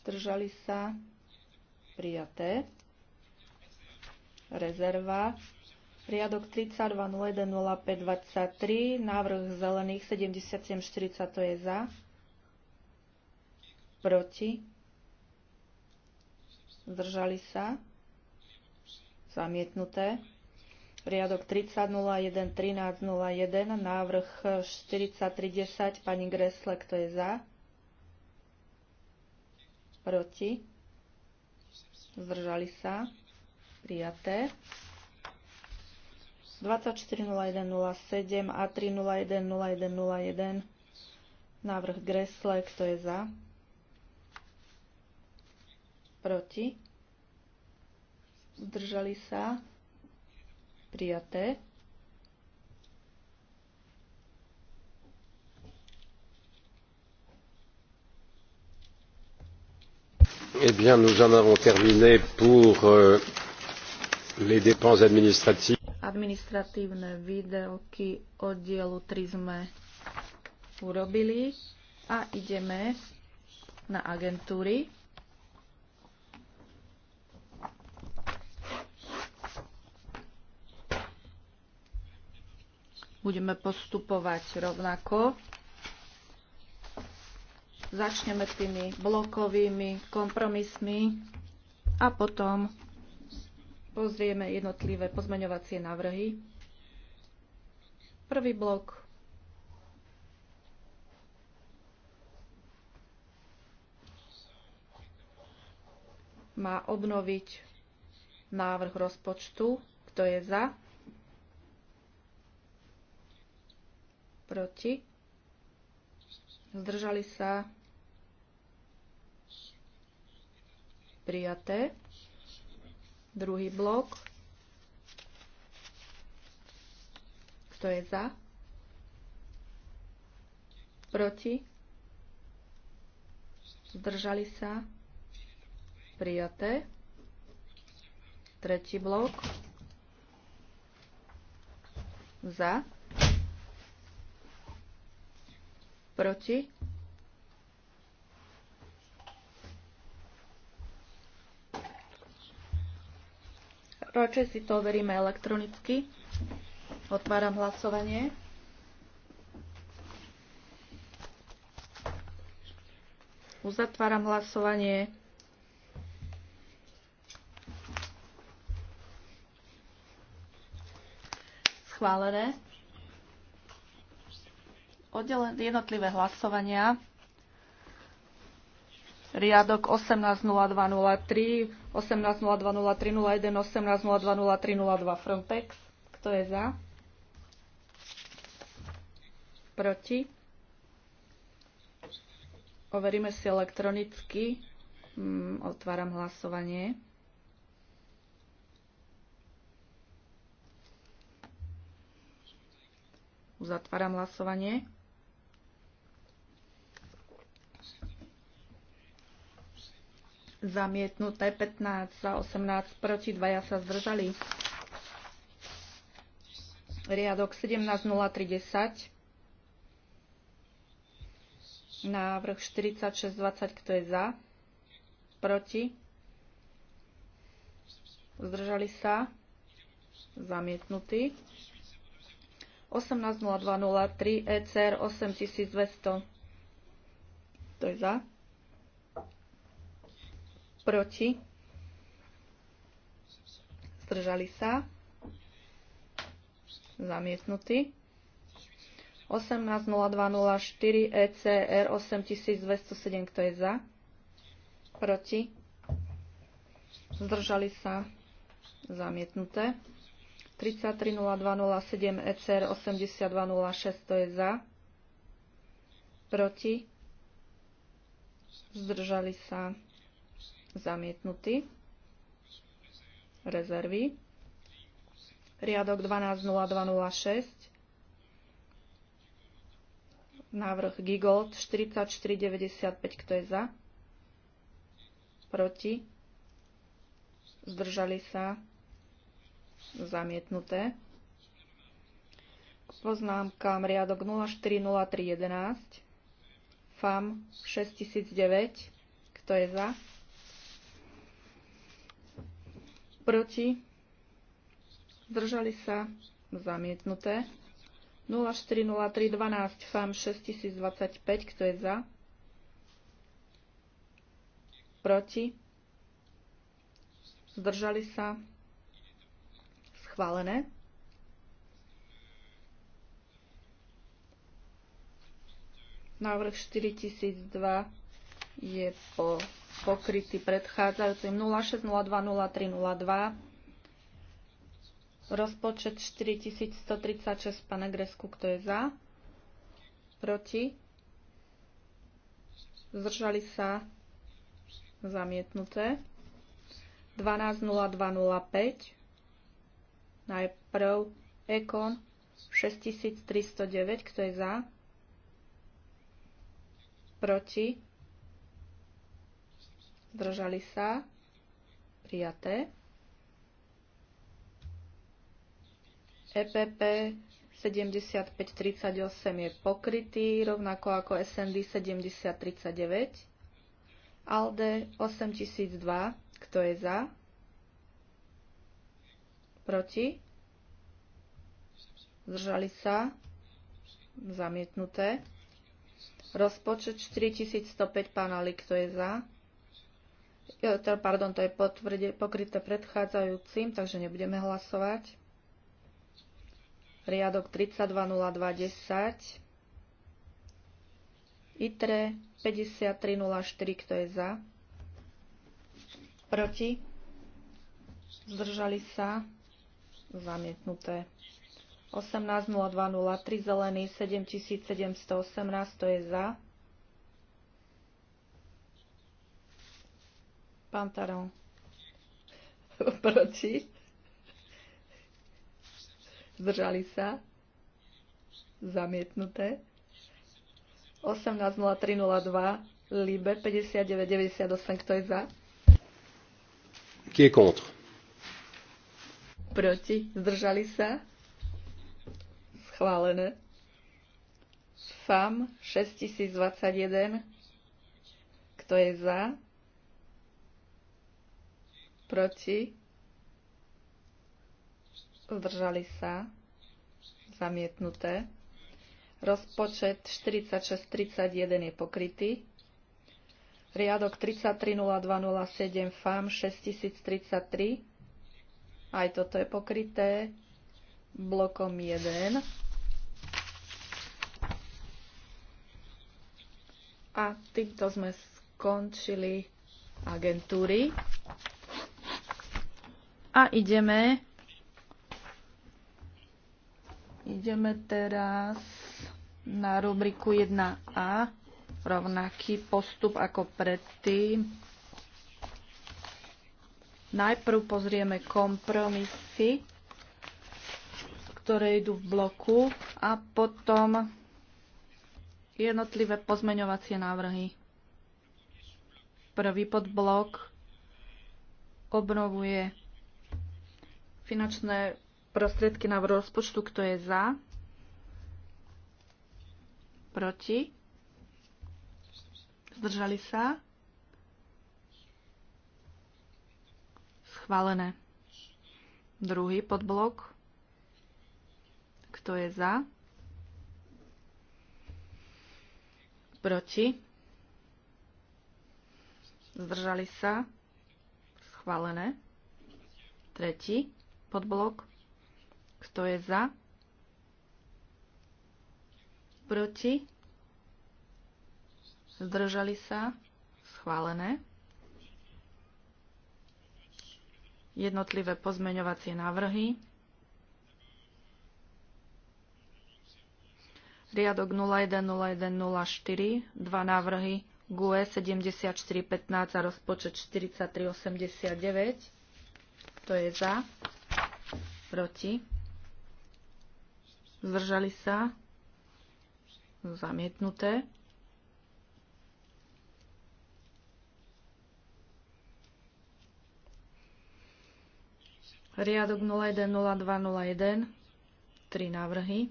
zdržali sa, prijaté. Rezerva, riadok 32010523, návrh zelených 7740, to je za, proti, zdržali sa, zamietnuté riadok 3001 1301, návrh 4310, pani Gresle, kto je za? Proti? Zdržali sa? Prijaté. 240107 a 3010101, návrh Gresle, kto je za? Proti? Zdržali sa? prijaté. Eh bien, nous en avons terminé pour euh, les dépenses administratives. Administratívne výdavky oddielu 3 sme urobili a ideme na agentúry. Budeme postupovať rovnako. Začneme tými blokovými kompromismi a potom pozrieme jednotlivé pozmeňovacie návrhy. Prvý blok má obnoviť návrh rozpočtu. Kto je za? proti, zdržali sa, prijaté. Druhý blok, kto je za, proti, zdržali sa, prijaté. Tretí blok, za, Proti? Proč, si to overíme elektronicky. Otváram hlasovanie. Uzatváram hlasovanie. Schválené oddelené jednotlivé hlasovania. Riadok 18.02.03, 18.02.03.01, 18.02.03.02 Frontex. Kto je za? Proti? Overíme si elektronicky. Mm, otváram hlasovanie. Uzatváram hlasovanie. zamietnuté 15 za 18 proti, dvaja sa zdržali. Riadok 17.03.10. Návrh 46.20, kto je za? Proti? Zdržali sa? Zamietnutý. 18.02.03 ECR 8200. To je za? proti, zdržali sa, zamietnutý. 18.02.04 ECR 8207, kto je za, proti, zdržali sa, zamietnuté. 33.02.07 ECR 8206, to je za, proti, zdržali sa, zamietnuté zamietnutý. Rezervy. Riadok 120206. Návrh Gigold 4495. Kto je za? Proti? Zdržali sa? Zamietnuté. K poznámkám riadok 040311. FAM 6009. Kto je za? proti, zdržali sa, zamietnuté. 040312 FAM 6025, kto je za? Proti? Zdržali sa? Schválené. Návrh 4002 je po pokrytý predchádzajúcim 0602-0302. Rozpočet 4136, pane Gresku, kto je za? Proti? Zdržali sa? Zamietnuté. 120205. Najprv Ekon 6309, kto je za? Proti? zdržali sa, prijaté. EPP 7538 je pokrytý, rovnako ako SND 7039. ALDE 8002, kto je za? Proti? Zdržali sa? Zamietnuté. Rozpočet 4105 pána kto je za? E, pardon, to je potvrde, pokryté predchádzajúcim, takže nebudeme hlasovať. Riadok 320210. ITRE 5304, kto je za? Proti? Zdržali sa? Zamietnuté. 18.02.03 zelený 7718, to je za. Pán Tarón. Proti? Zdržali sa? Zamietnuté. 18.03.02 Libe 59.98. Kto je za? Qui est contre? Proti? Zdržali sa? Schválené. FAM 6021. Kto je za? proti, zdržali sa, zamietnuté. Rozpočet 4631 je pokrytý. Riadok 330207 FAM 6033. Aj toto je pokryté blokom 1. A týmto sme skončili agentúry. A ideme. Ideme teraz na rubriku 1a. Rovnaký postup ako predtým. Najprv pozrieme kompromisy, ktoré idú v bloku a potom jednotlivé pozmeňovacie návrhy. Prvý podblok obnovuje Finančné prostriedky na rozpočtu, kto je za? Proti? Zdržali sa? Schválené. Druhý podblok. Kto je za? Proti? Zdržali sa? Schválené. Tretí blok. Kto je za? Proti? Zdržali sa? Schválené. Jednotlivé pozmeňovacie návrhy. Riadok 010104, dva návrhy GUE 7415 a rozpočet 4389. To je za proti, zdržali sa, zamietnuté. Riadok 010201, tri návrhy,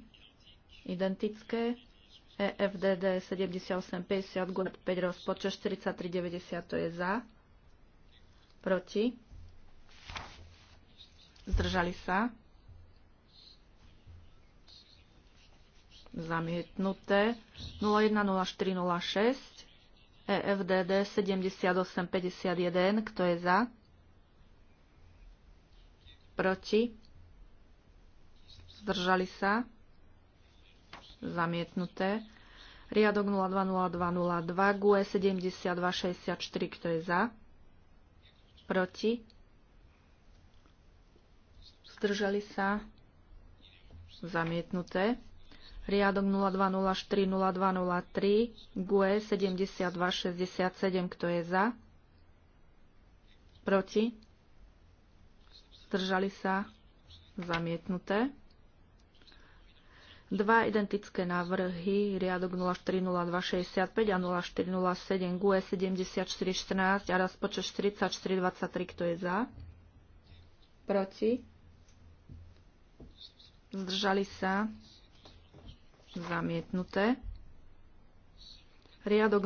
identické, EFDD 7850, 5 rozpočet 4390, to je za, proti, Zdržali sa? Zamietnuté. 010406 EFDD 7851. Kto je za? Proti? Zdržali sa? Zamietnuté. Riadok 020202 GUE 7264. Kto je za? Proti? zdržali sa, zamietnuté. Riadok 0204 0203 GUE 7267, kto je za, proti, zdržali sa, zamietnuté. Dva identické návrhy, riadok 040265 a 0407 GUE 7414 a raz počet 4423, kto je za, proti, zdržali sa, zamietnuté. Riadok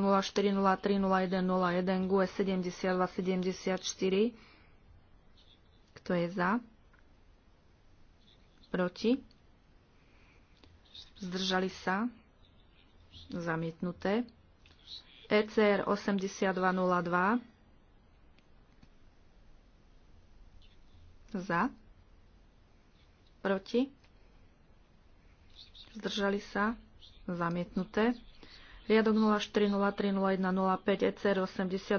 04030101 GUE 7274. Kto je za? Proti? Zdržali sa? Zamietnuté. ECR 8202. Za? Proti? zdržali sa, zamietnuté. Riadok 04030105 ECR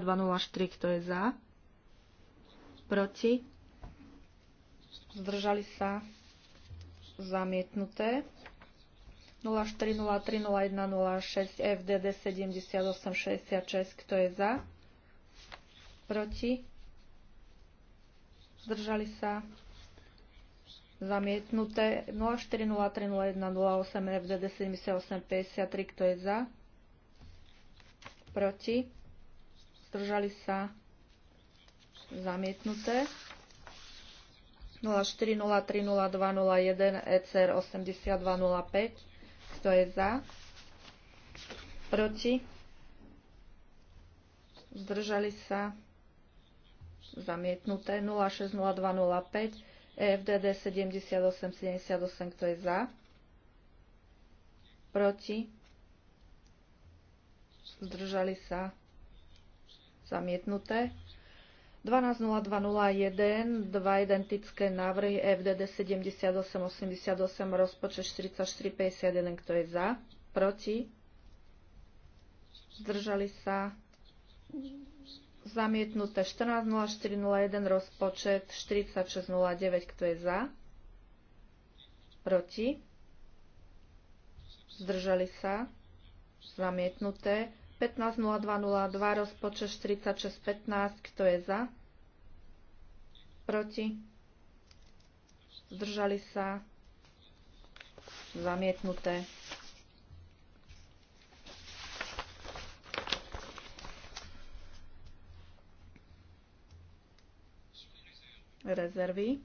8204, kto je za, proti, zdržali sa, zamietnuté. 04030106 FDD 7866, kto je za, proti, zdržali sa, zamietnuté 04030108 FDD 7853, kto je za, proti, zdržali sa zamietnuté 04030201 ECR 8205, kto je za, proti, zdržali sa zamietnuté 060205 FDD 7878, kto je za? Proti? Zdržali sa? Zamietnuté. 12.02.01, dva identické návrhy FDD 7888, rozpočet 4451, kto je za? Proti? Zdržali sa? Zamietnuté 14.04.01 rozpočet 46.09. Kto je za? Proti? Zdržali sa? Zamietnuté 15.02.02 rozpočet 46.15. Kto je za? Proti? Zdržali sa? Zamietnuté rezervy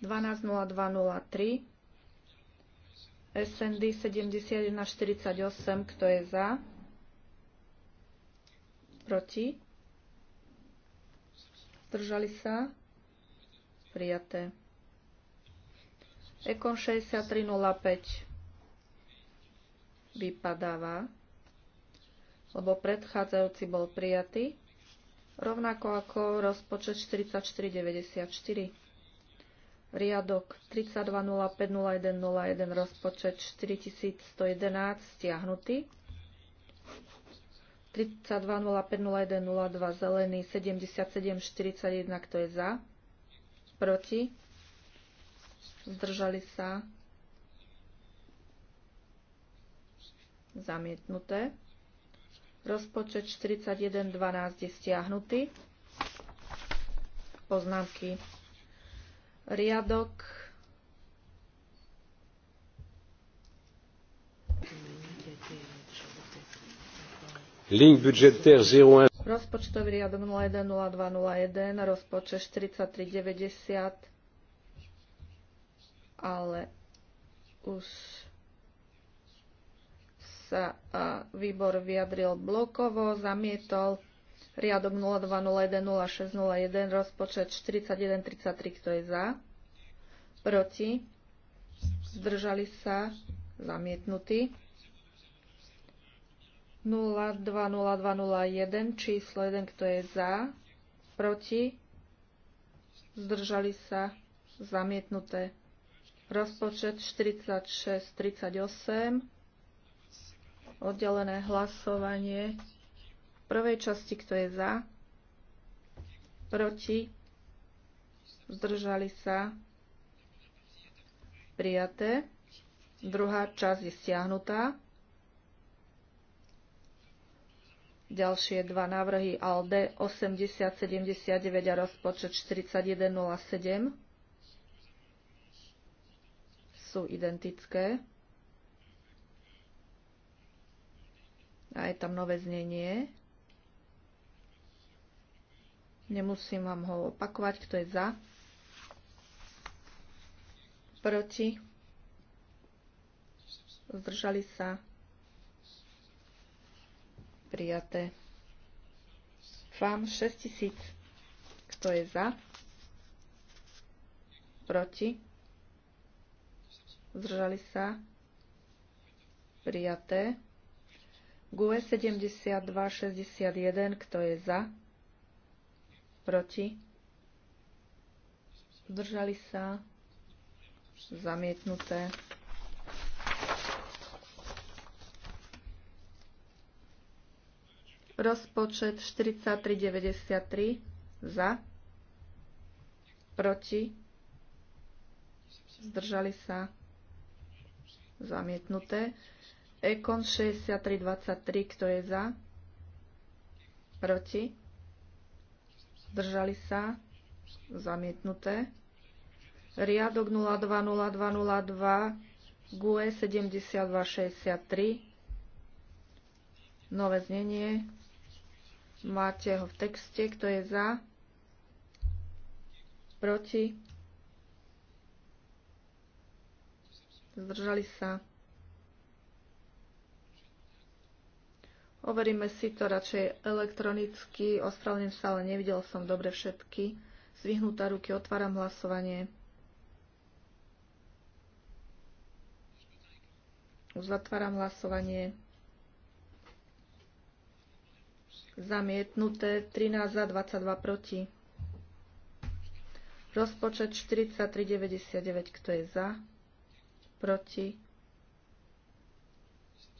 12.02.03 SND 71.48 kto je za proti zdržali sa prijaté Ekon 63.05 vypadáva lebo predchádzajúci bol prijatý rovnako ako rozpočet 4494. Riadok 32050101 rozpočet 4111 stiahnutý. 32050102 zelený 7741 kto je za proti zdržali sa zamietnuté Rozpočet 41.12 je stiahnutý. Poznámky. Riadok. Link budžetér 01. Rozpočtový riadok 010201, rozpočet 4390, ale už sa výbor vyjadril blokovo, zamietol riadok 02010601 rozpočet 4133, kto je za, proti, zdržali sa, zamietnutí. 020201 číslo 1, kto je za, proti, zdržali sa, zamietnuté. Rozpočet 4638 oddelené hlasovanie. V prvej časti, kto je za, proti, zdržali sa, prijaté. Druhá časť je stiahnutá. Ďalšie dva návrhy ALDE 8079 a rozpočet 4107 sú identické. A je tam nové znenie. Nemusím vám ho opakovať, kto je za. Proti. Zdržali sa. Prijaté. Fám 6000. Kto je za? Proti? Zdržali sa? Prijaté. GUE 7261, kto je za? Proti? Zdržali sa? Zamietnuté. Rozpočet 4393 za, proti, zdržali sa, zamietnuté. Ekon 6323, kto je za? Proti? Zdržali sa? Zamietnuté. Riadok 020202 GUE 7263 Nové znenie. Máte ho v texte. Kto je za? Proti? Zdržali sa? Overíme si to radšej elektronicky. Ospravedlňujem sa, ale nevidel som dobre všetky. Zvihnutá ruky, otváram hlasovanie. Uzatváram hlasovanie. Zamietnuté 13 za 22 proti. Rozpočet 43,99. Kto je za? Proti?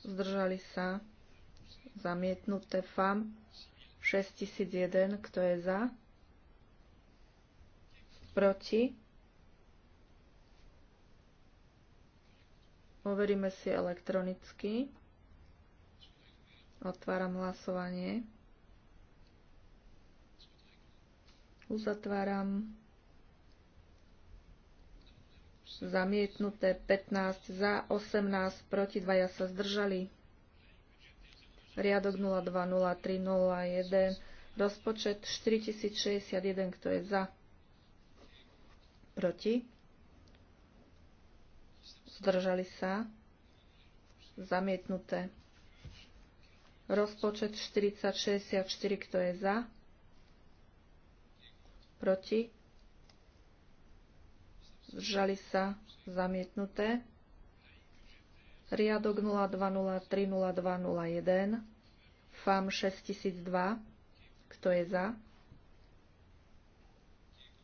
Zdržali sa? zamietnuté FAM 6001, kto je za, proti. Overíme si elektronicky. Otváram hlasovanie. Uzatváram. Zamietnuté 15 za, 18 proti, dvaja sa zdržali riadok 020301, rozpočet 4061, kto je za, proti, zdržali sa, zamietnuté. Rozpočet 4064, kto je za, proti, zdržali sa, zamietnuté riadok 02030201, FAM 6002, kto je za,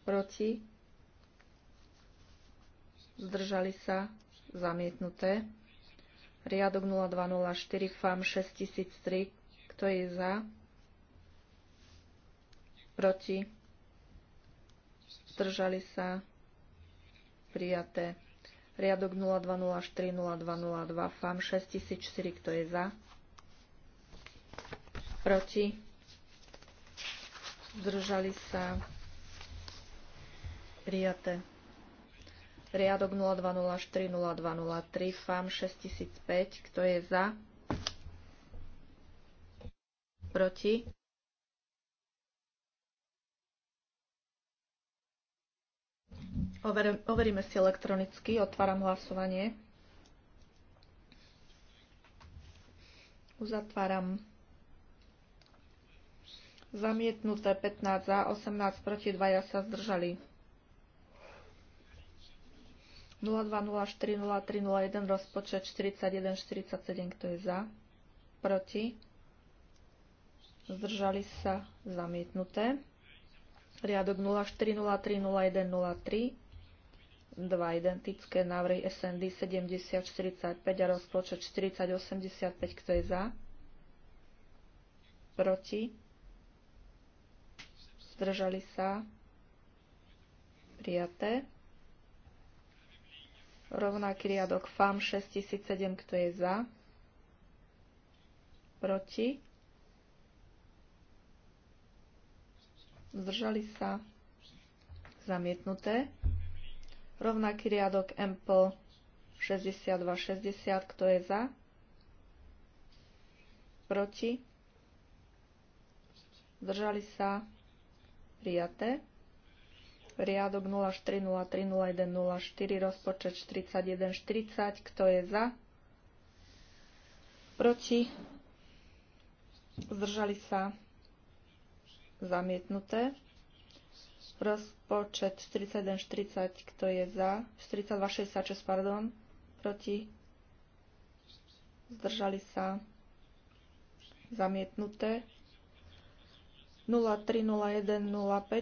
proti, zdržali sa, zamietnuté, riadok 0204, FAM 6003, kto je za, proti, zdržali sa, prijaté riadok 0204 0202 FAM 6004, kto je za, proti, zdržali sa, prijaté. Riadok 0204 0203 FAM 6005, kto je za, proti, Overíme si elektronicky. Otváram hlasovanie. Uzatváram. Zamietnuté 15 za, 18 proti, 2 sa zdržali. 02040301 rozpočet 4147 kto je za, proti, zdržali sa zamietnuté. Riadok 04030103 dva identické návrhy SND 7045 a rozpočet 4085. Kto je za? Proti? Zdržali sa? Prijaté. Rovnaký riadok FAM 6007. Kto je za? Proti? Zdržali sa? Zamietnuté. Rovnaký riadok MPL 6260, kto je za? Proti? Zdržali sa? Prijaté. Riadok 0104, rozpočet 4140, kto je za? Proti? Zdržali sa? Zamietnuté. Rozpočet 4140, kto je za? 4266, pardon. Proti? Zdržali sa? Zamietnuté. 030105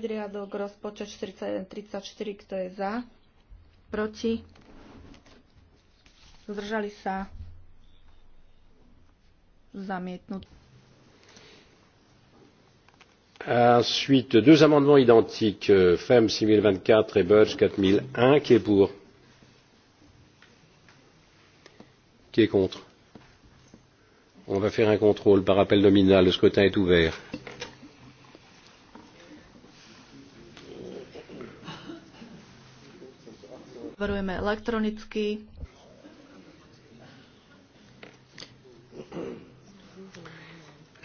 riadok, rozpočet 4134, kto je za? Proti? Zdržali sa? Zamietnuté ensuite deux amendements identiques euh, FEM six mille vingt quatre et budg quatre mille un qui est pour qui est contre on va faire un contrôle par appel nominal le scrutin est ouvert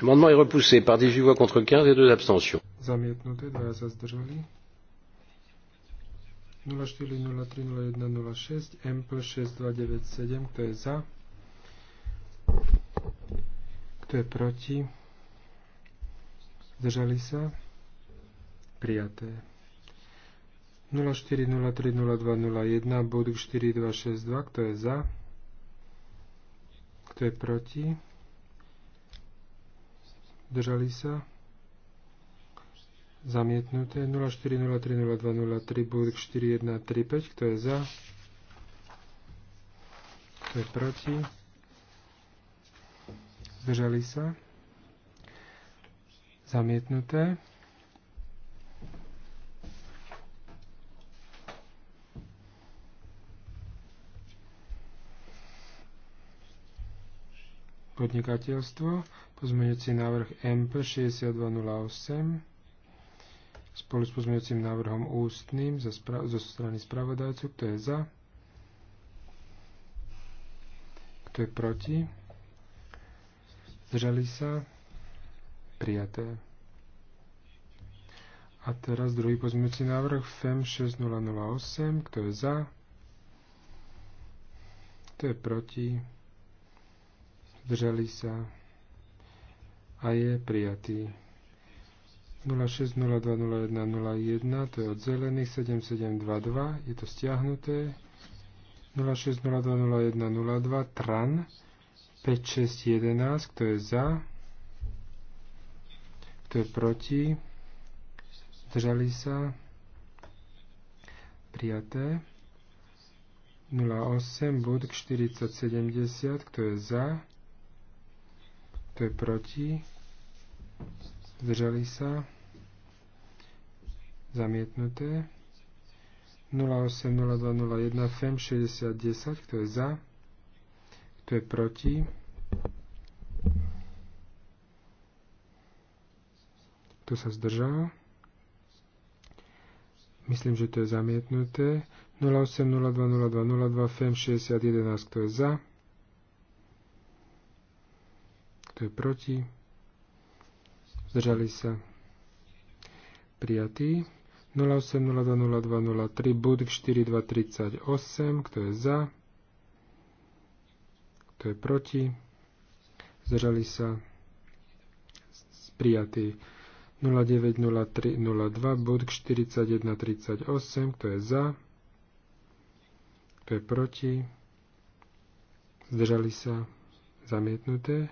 L'amendement est repoussé par 18 voix contre 15 et 2 abstentions. Zamietnuté, dvaja sa zdržali. 04030106 MP6297, kto je za? Kto je proti? Zdržali sa? Prijaté. 04030201 bod 4262, kto je za? Kto je proti? Zdržali sa? Zamietnuté. 04030203 budk 4135. Kto je za? Kto je proti? Zdržali sa? Zamietnuté. podnikateľstvo, pozmeňujúci návrh MP6208 spolu s pozmeňujúcim návrhom ústnym zo, spra- zo strany spravodajcu, kto je za, kto je proti, zdržali sa, prijaté. A teraz druhý pozmeňujúci návrh FEM e 6008, kto je za, kto je proti, zdržali sa a je prijatý. 06020101 to je od zelených 7722 je to stiahnuté 06020102 TRAN 5611 kto je za kto je proti zdržali sa prijaté 08 BUDK 4070 kto je za kto je proti? Zdržali sa? Zamietnuté. 080201 FEM 6010. Kto je za? Kto je proti? Kto sa zdržal? Myslím, že to je zamietnuté. 08020202 FEM 6011. Kto je za? Kto je proti? Zdržali sa? prijatí. 08020203 bud 4238. Kto je za? Kto je proti? Zdržali sa? prijatí. 090302 bod 4138. Kto je za? Kto je proti? Zdržali sa? Zamietnuté.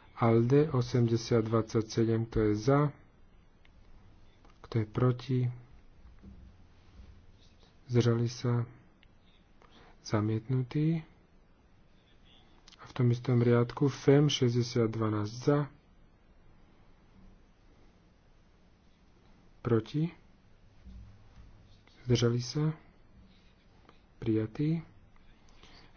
ALDE 8027, kto je za, kto je proti, zdržali sa, zamietnutí. A v tom istom riadku FEM 6012 za, proti, zdržali sa, prijatí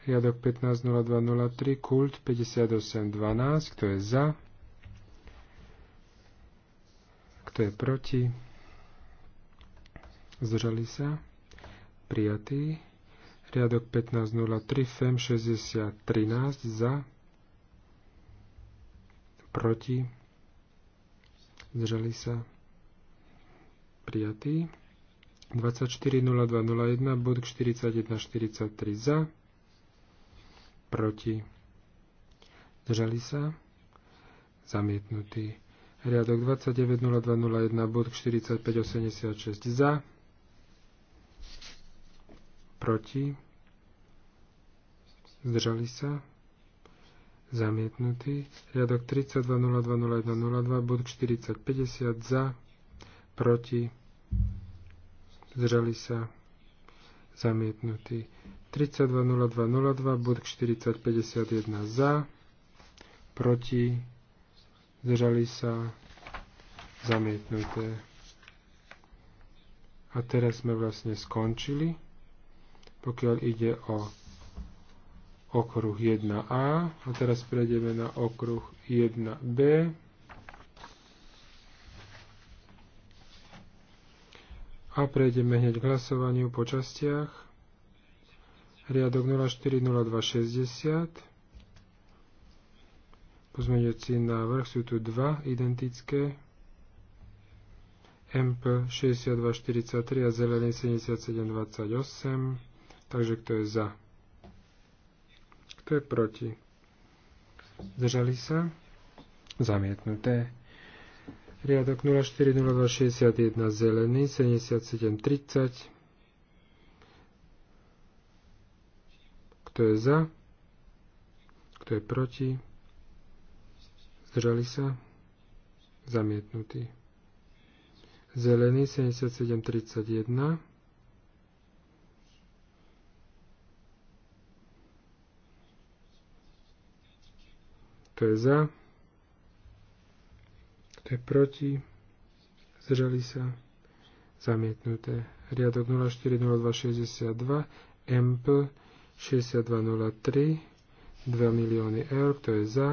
riadok 15.02.03, kult 58.12, kto je za, kto je proti, zdržali sa, prijatý, riadok 15.03, FEM 60.13, za, proti, zdržali sa, prijatý, 24.02.01, bod 41.43 za, proti, držali sa, zamietnutý. Riadok 290201 bod 4586 za, proti, zdržali sa, zamietnutý. Riadok 32020102 bod 4050 za, proti, zdržali sa, zamietnutý. 320202 bod 4051 za, proti, zdržali sa, zamietnuté. A teraz sme vlastne skončili, pokiaľ ide o okruh 1a a teraz prejdeme na okruh 1b. A prejdeme hneď k hlasovaniu po častiach riadok 040260. Pozmeňujúci návrh sú tu dva identické. MP 6243 a zelený 7728. Takže kto je za? Kto je proti? Zdržali sa? Zamietnuté. Riadok 040261 zelený 7730 Kto je za? Kto je proti? Zdržali sa? Zamietnutý. Zelený 7731. Kto je za? Kto je proti? Zdržali sa? Zamietnuté. Riadok 040262 MP 6203, 2 milióny eur, kto je za,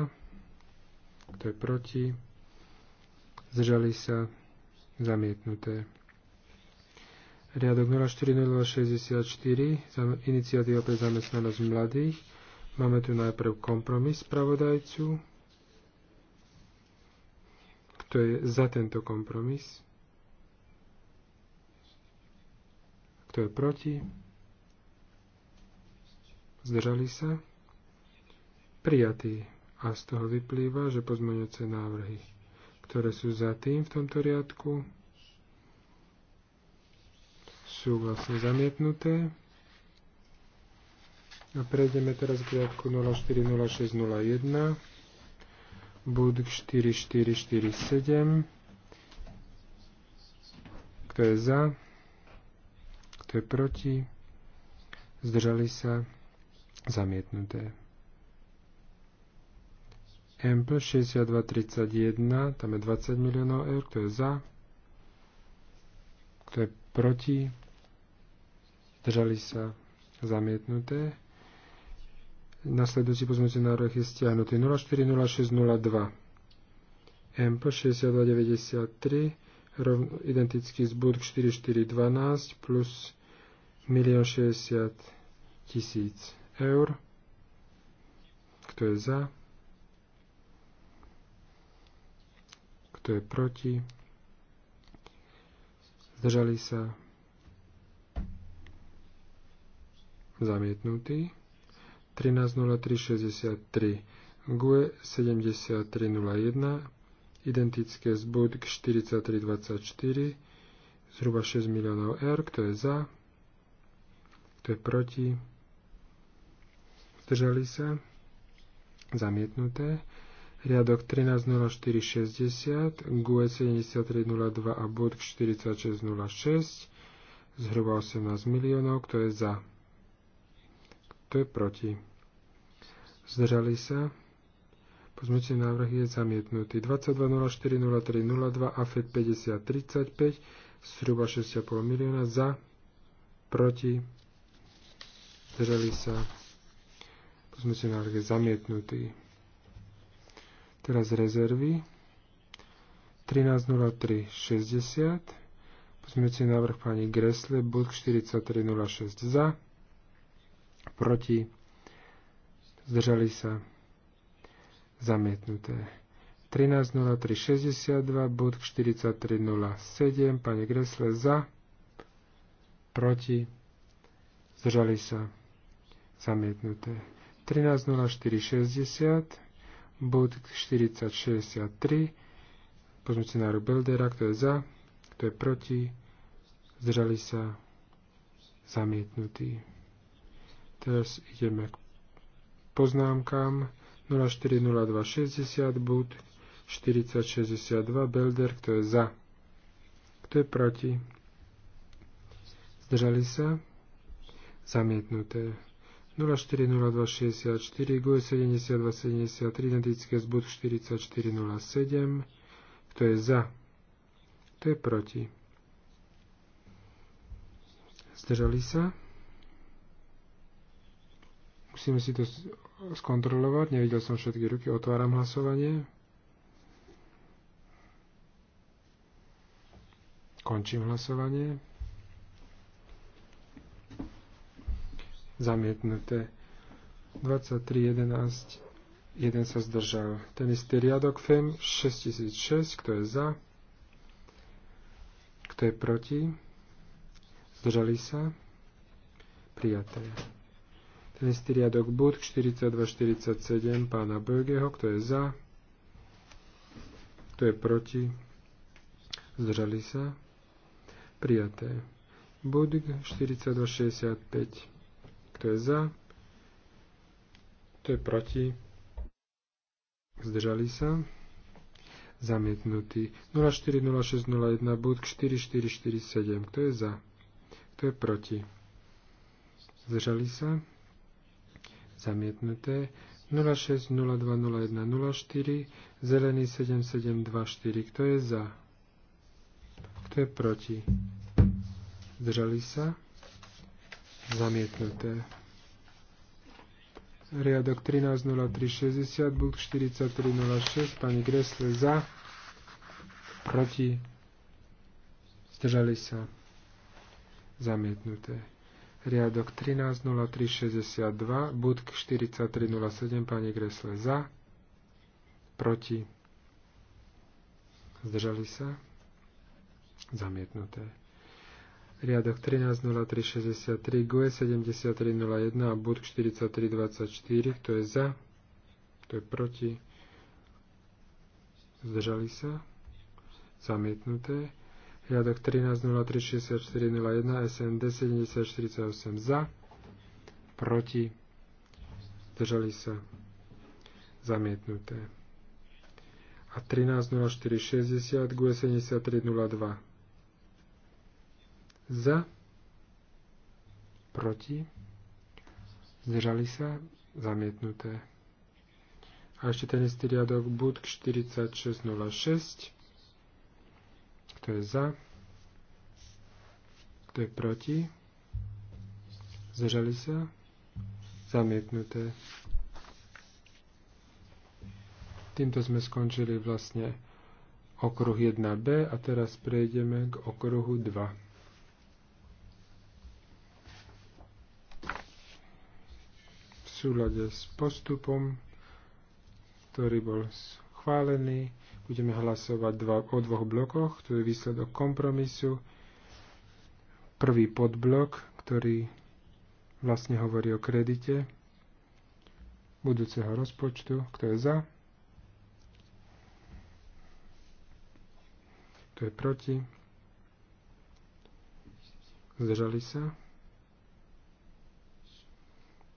kto je proti, zdržali sa, zamietnuté. Riadok 040264, iniciatíva pre zamestnanosť mladých. Máme tu najprv kompromis spravodajcu. Kto je za tento kompromis? Kto je proti? zdržali sa, prijatý. A z toho vyplýva, že pozmeňujúce návrhy, ktoré sú za tým v tomto riadku, sú vlastne zamietnuté. A prejdeme teraz k riadku 040601, bud 4447, kto je za, kto je proti, zdržali sa, Zamietnuté. Ample 6231, tam je 20 miliónov eur, kto je za, kto je proti, zdržali sa zamietnuté. Nasledujúci pozmeňujúci návrh je stiahnutý 040602. MP 6293 identický z BUD 4412 plus 1 060 tisíc eur. Kto je za? Kto je proti? Zdržali sa? Zamietnutý. 13.03.63 GUE 73.01 identické z BUD k 43.24 zhruba 6 miliónov R. Kto je za? Kto je proti? zdržali sa, zamietnuté. Riadok 13.04.60, GUE 73.02 a BUD 46.06, zhruba 18 miliónov, kto je za, kto je proti. Zdržali sa, pozmeňujúci návrh je zamietnutý. 22.04.03.02 a FED 50.35, zhruba 6,5 milióna, za, proti, zdržali sa, sme si návrh zamietnutí. Teraz rezervy. 13.03.60 si návrh pani Gresle, bod 43.06 za, proti, zdržali sa, zamietnuté. 13.03.62, bod 43.07, pani Gresle za, proti, zdržali sa, zamietnuté. 13.04.60, bod 40.63, pozmite na Beldera, kto je za, kto je proti, zdržali sa, zamietnutí. Teraz ideme k poznámkám 040260, bod 4062, Belder, kto je za, kto je proti, zdržali sa, zamietnuté. 040264, GUE 7273, identické z bod 4407. Kto je za? Kto je proti? Zdržali sa? Musíme si to skontrolovať. Nevidel som všetky ruky. Otváram hlasovanie. Končím hlasovanie. zamietnuté. 23.11. Jeden sa zdržal. Ten istý riadok FEM 6006. Kto je za? Kto je proti? Zdržali sa? Prijaté. Ten istý riadok BUD 4247 pána Bögeho. Kto je za? Kto je proti? Zdržali sa? Prijaté. BUD 4265 kto je za? Kto je proti? Zdržali sa? Zamietnutý. 040601 bud k 4447. Kto je za? Kto je proti? Zdržali sa? Zamietnuté. 06020104 zelený 7724. Kto je za? Kto je proti? Zdržali sa? zamietnuté. Riadok 13.03.60, blok 43.06, pani Gresle za, proti, zdržali sa, zamietnuté. Riadok 13.03.62, budk 43.07, pani Gresle za, proti, zdržali sa, zamietnuté riadok 13.03.63, GUE 73.01 a BUD 43.24, kto je za, kto je proti, zdržali sa, zamietnuté, riadok 13.03.64.01 SND 70.48 za, proti, zdržali sa, zamietnuté. A 13.04.60 GUE 73.02 za, proti, zdržali sa, zamietnuté. A ešte ten istý riadok, budk 4606, kto je za, kto je proti, zdržali sa, zamietnuté. Týmto sme skončili vlastne okruh 1b a teraz prejdeme k okruhu 2. súlade s postupom, ktorý bol schválený. Budeme hlasovať dva, o dvoch blokoch. To je výsledok kompromisu. Prvý podblok, ktorý vlastne hovorí o kredite budúceho rozpočtu. Kto je za? Kto je proti? Zdržali sa?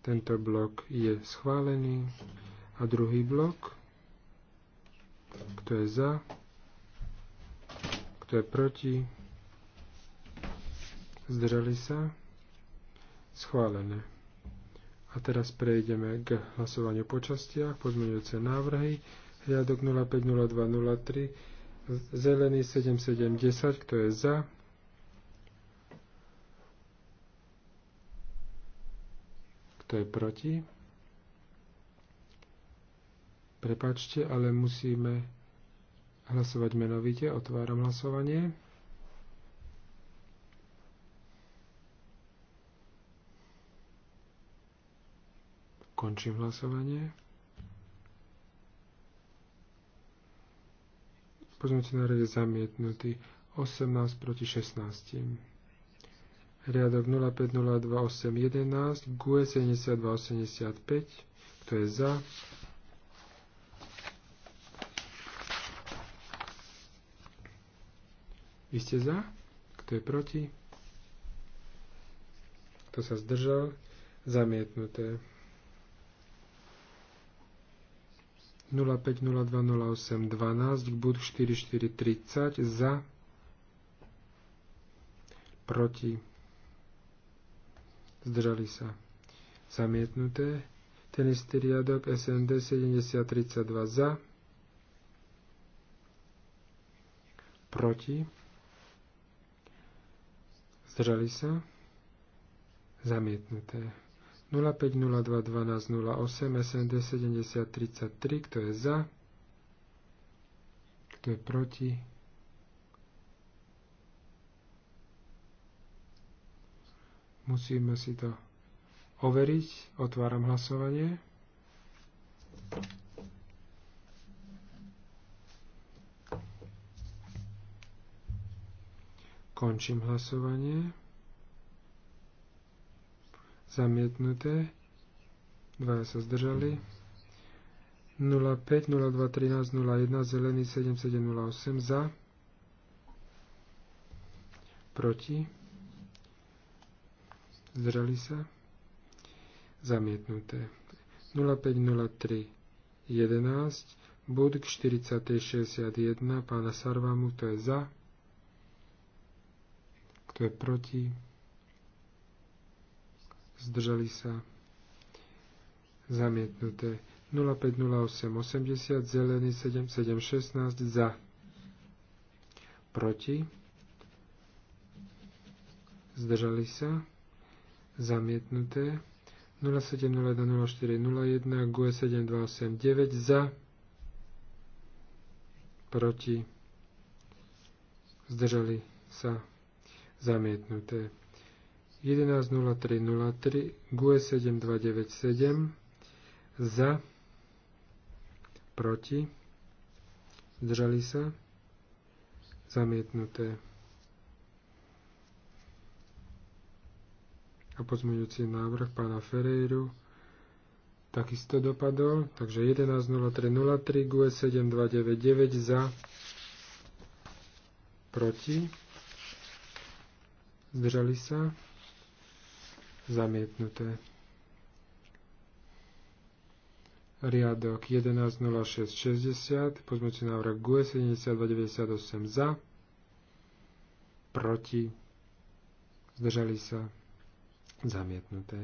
Tento blok je schválený. A druhý blok, kto je za, kto je proti, zdržali sa, schválené. A teraz prejdeme k hlasovaniu po častiach, pozmeňujúce návrhy, riadok 050203, zelený 7710, kto je za, Kto je proti? Prepačte, ale musíme hlasovať menovite. Otváram hlasovanie. Končím hlasovanie. Pozmeňujúci návrh je zamietnutý 18 proti 16 riadok 050281, GUE 7285, kto je za, Vy ste za? Kto je proti? Kto sa zdržal? Zamietnuté. 05020812 bud 4430 za proti zdržali sa. Zamietnuté. Ten istý riadok SND 7032 za, proti, zdržali sa, zamietnuté. 05021208 SND 7033, kto je za, kto je proti, Musíme si to overiť. Otváram hlasovanie. Končím hlasovanie. Zamietnuté. Dvaja sa zdržali. 05, 02, 13, 01, zelený 7708 za. Proti zreli sa, zamietnuté. 0503 11, bod 4061, pána Sarvamu, to je za, kto je proti, zdržali sa, zamietnuté. 0508 80, zelený 7716 za, proti, zdržali sa, zamietnuté. 0702-0401 GUE 7289 za proti zdržali sa zamietnuté. 11.03.03 GUE 7297 za proti zdržali sa zamietnuté. a pozmeňujúci návrh pána Ferreiru takisto dopadol, takže 11.03.03 GUE 7299 za proti zdržali sa zamietnuté riadok 11.06.60 pozmeňujúci návrh GUE 7298 za proti zdržali sa Zamietnuté.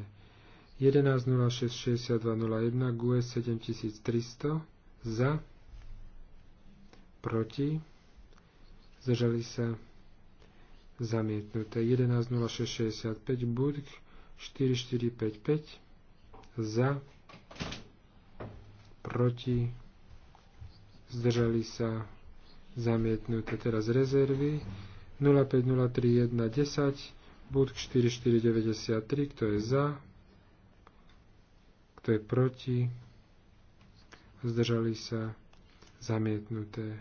11.06.62.01 GUE 7300 za, proti, zdržali sa zamietnuté. 11.06.65 BUDK 4455 za, proti, zdržali sa zamietnuté. Teraz rezervy 050310 Bud 4493, kto je za, kto je proti, zdržali sa zamietnuté.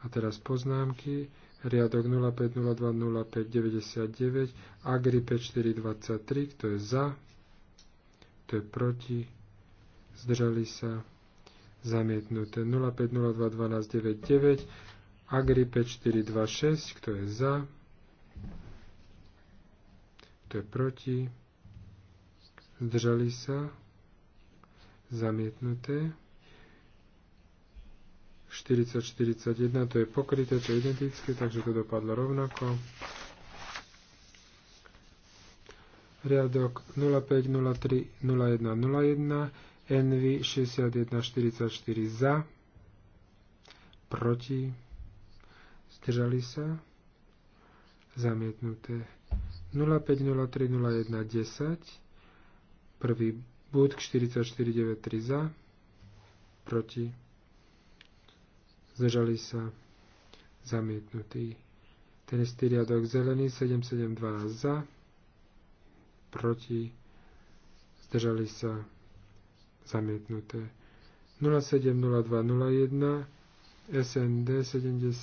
A teraz poznámky. Riadok 05020599, Agri 5423, kto je za, kto je proti, zdržali sa zamietnuté. 05021299, Agri 5426, kto je za, kto je proti, zdržali sa, zamietnuté. 40-41, to je pokryté, to je identické, takže to dopadlo rovnako. Riadok 0503-0101, NV 61 44 za, proti, zdržali sa, zamietnuté. 0503010 prvý bud 4493 za proti zdržali sa zamietnutý ten istý riadok zelený 7712 za proti zdržali sa zamietnuté 070201 SND 70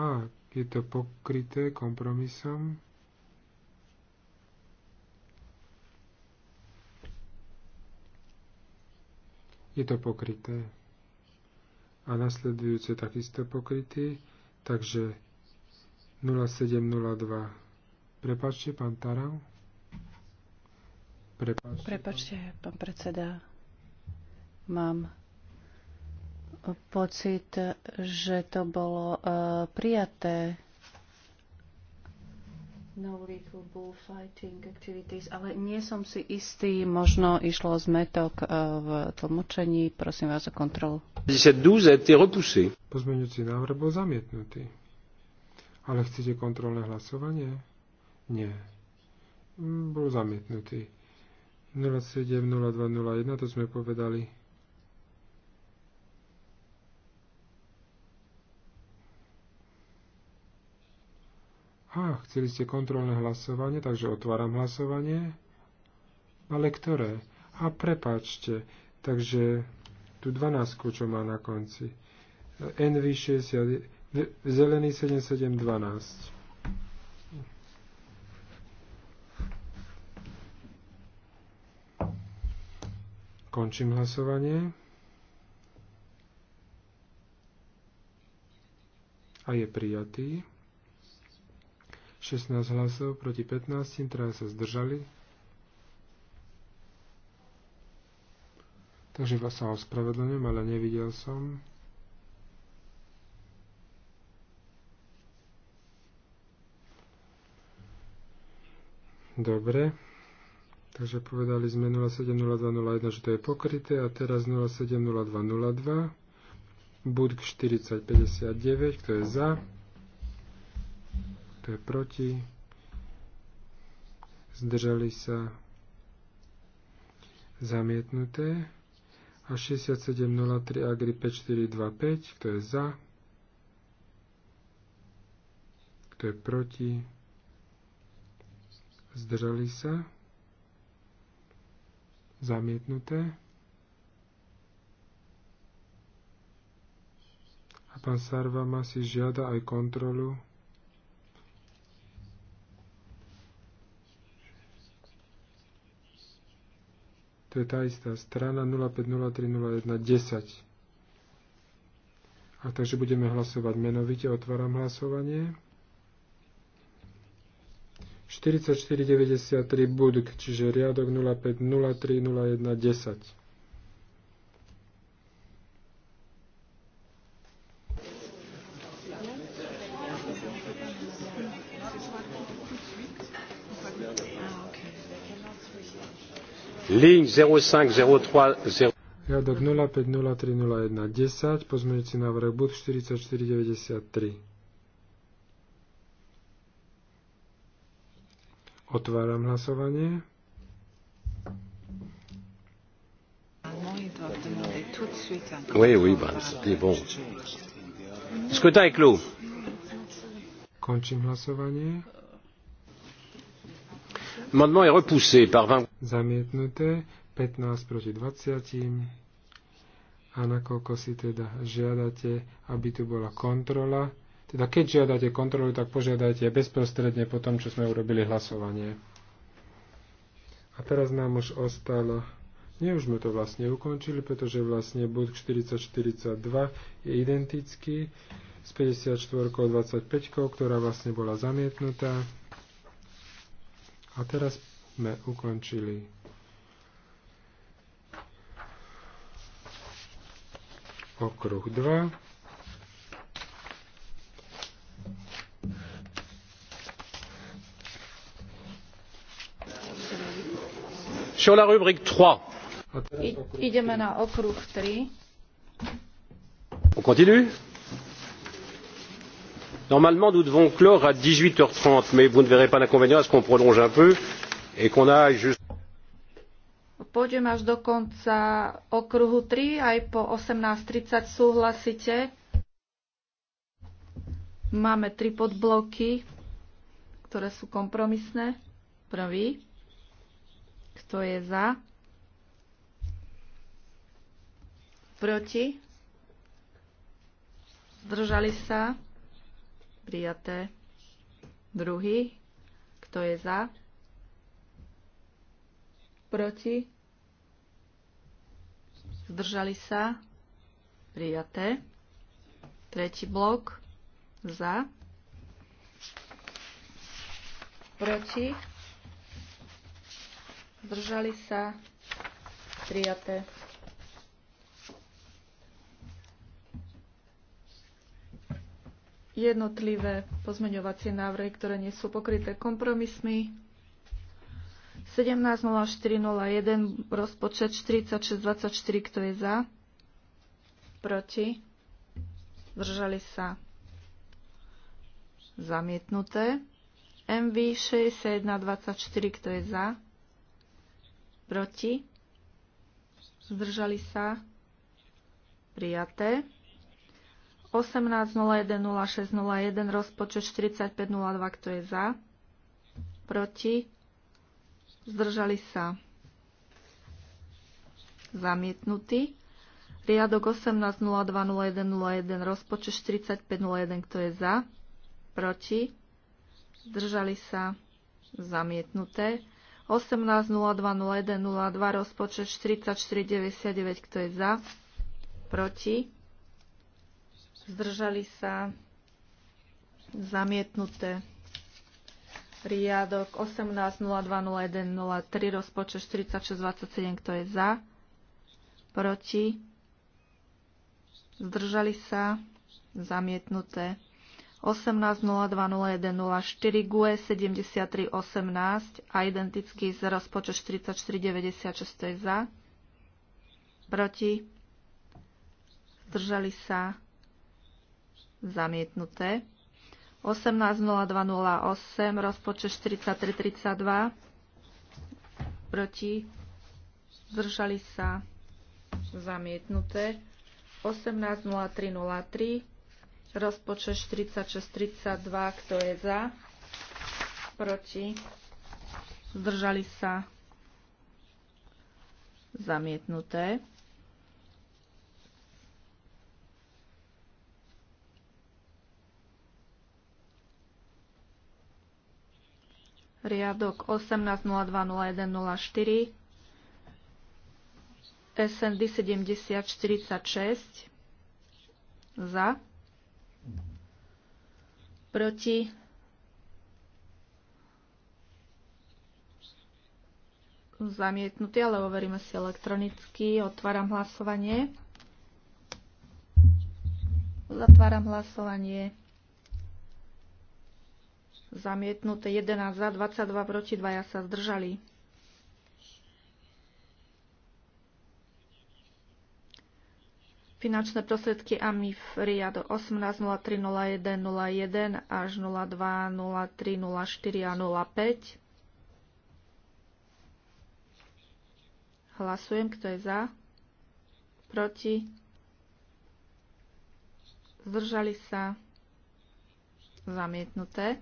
a je to pokryté kompromisom. Je to pokryté. A nasledujúce takisto pokrytý. Takže 0702. Prepačte, pán Tarau. Prepačte, Prepačte pán predseda. Mám pocit, že to bolo uh, prijaté. No lethal fighting activities, ale nie som si istý, možno išlo zmetok uh, v tlmočení, prosím vás o kontrolu. 1012 Pozmeňujúci návrh bol zamietnutý. Ale chcete kontrolné hlasovanie? Nie. Mm, bol zamietnutý. 070201, to sme povedali. A, chceli ste kontrolné hlasovanie, takže otváram hlasovanie. Ale ktoré? A prepáčte, takže tu 12, čo má na konci. NV60, zelený 7712. Končím hlasovanie. A je prijatý. 16 hlasov proti 15, traja sa zdržali. Takže vás sa ospravedlňujem, ale nevidel som. Dobre. Takže povedali sme 070201, že to je pokryté a teraz 070202 budk 4059, kto je za kto je proti, zdržali sa zamietnuté a 6703 Agri 5425, kto je za, kto je proti, zdržali sa zamietnuté. A pán má si žiada aj kontrolu To je tá istá strana 0503010. A takže budeme hlasovať menovite. Otváram hlasovanie. 4493 budk, čiže riadok 0503010. Link 0503 Riadok 05030110, pozmeňujúci návrh bod 4493. Otváram hlasovanie. Oui, oui, ben, c'était bon. Scrutin est clos. Končím hlasovanie. Amendement est repoussé par 20. Zamietnuté 15 proti 20. A nakoľko si teda žiadate, aby tu bola kontrola, teda keď žiadate kontrolu, tak požiadajte bezprostredne po tom, čo sme urobili hlasovanie. A teraz nám už ostalo nie už sme to vlastne ukončili, pretože vlastne bod 4042 je identický s 54 25, ktorá vlastne bola zamietnutá. A teraz sme ukončili okruh 2. Sur la rubrique 3. ideme na okruh 3. On continue normalement nous devons clore à dix huit h trente mais vous ne verrez pas d'inconvénient à ce qu'on prolonge un peu et qu'on aille juste Pôjdem až do konca okruhu 3, aj po 18.30 súhlasíte. Máme tri podbloky, ktoré sú kompromisné. Prvý, kto je za? Proti? Zdržali sa? prijaté. Druhý, kto je za, proti, zdržali sa, prijaté. Tretí blok, za, proti, zdržali sa, prijaté. jednotlivé pozmeňovacie návrhy, ktoré nie sú pokryté kompromismi. 17.04.01 rozpočet 46.24, kto je za? Proti? Zdržali sa? Zamietnuté. MV 61.24, kto je za? Proti? Zdržali sa? Prijaté. 18.01.06.01 rozpočet 45.02, kto je za, proti, zdržali sa zamietnutý. Riadok 18.02.01.01 rozpočet 45.01, kto je za, proti, zdržali sa zamietnuté. 18.02.01.02 rozpočet 44.99, kto je za, proti, zdržali sa, zamietnuté. Riadok 18.02.01.03, rozpočet 46.27, kto je za, proti, zdržali sa, zamietnuté. 18.02.01.04, GUE 73.18 a identický z rozpočet 44.96, to je za, proti, zdržali sa, zamietnuté. 18.02.08, rozpočet 43.32, proti, zdržali sa, zamietnuté. 18.03.03, rozpočet 46.32, kto je za, proti, zdržali sa, zamietnuté. riadok 18020104, SND 7046 za, proti, zamietnutý, ale overíme si elektronicky. Otváram hlasovanie. Zatváram hlasovanie. Zamietnuté 11 za, 22 proti, 2 sa zdržali. Finančné prostriedky AMIF RIAD 18.03.01.01 až 02.03.04.05. Hlasujem, kto je za, proti, zdržali sa, zamietnuté.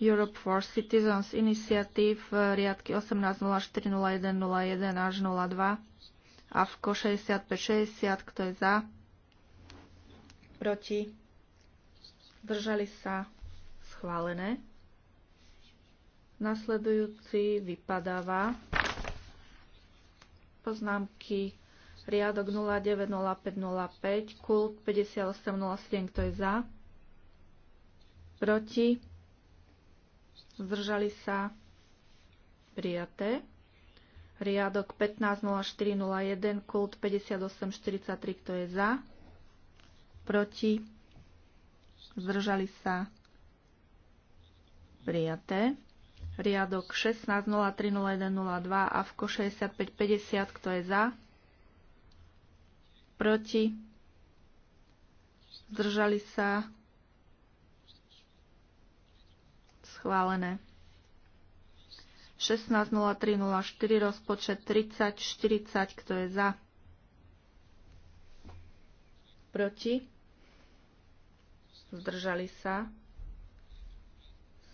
Europe for Citizens iniciatív eh, riadky 1804 až 02 a v ko 65.60 kto je za, proti, držali sa schválené. Nasledujúci vypadáva poznámky riadok 090505, kult 5807, kto je za, proti, zdržali sa, prijaté. Riadok 150401, kult 5843, kto je za, proti, zdržali sa, prijaté. Riadok 16030102 a 6550, kto je za, proti, zdržali sa, prijaté Schválené. 16.03.04 rozpočet 30.40, kto je za? Proti? Zdržali sa?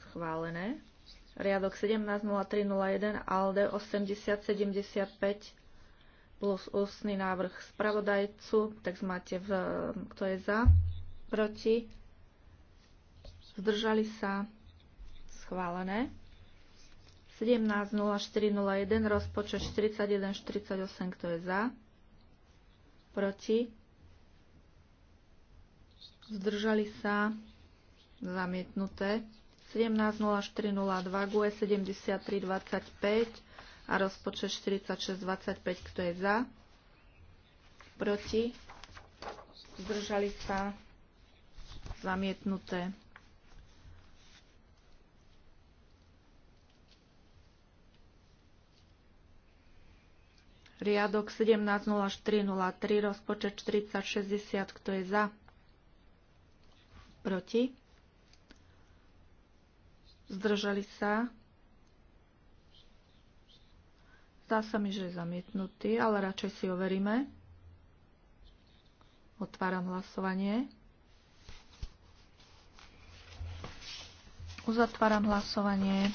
Schválené. Riadok 17.03.01 ALDE 80.75 plus ústny návrh spravodajcu, tak máte v, kto je za? Proti? Zdržali sa? schválené. 17.04.01 rozpočet 41.48, kto je za, proti, zdržali sa, zamietnuté. 17.04.02 GUE 73.25 a rozpočet 46.25, kto je za, proti, zdržali sa, zamietnuté. Riadok 170403, rozpočet 4060, kto je za? Proti? Zdržali sa? Zdá sa mi, že je zamietnutý, ale radšej si overíme. Otváram hlasovanie. Uzatváram hlasovanie.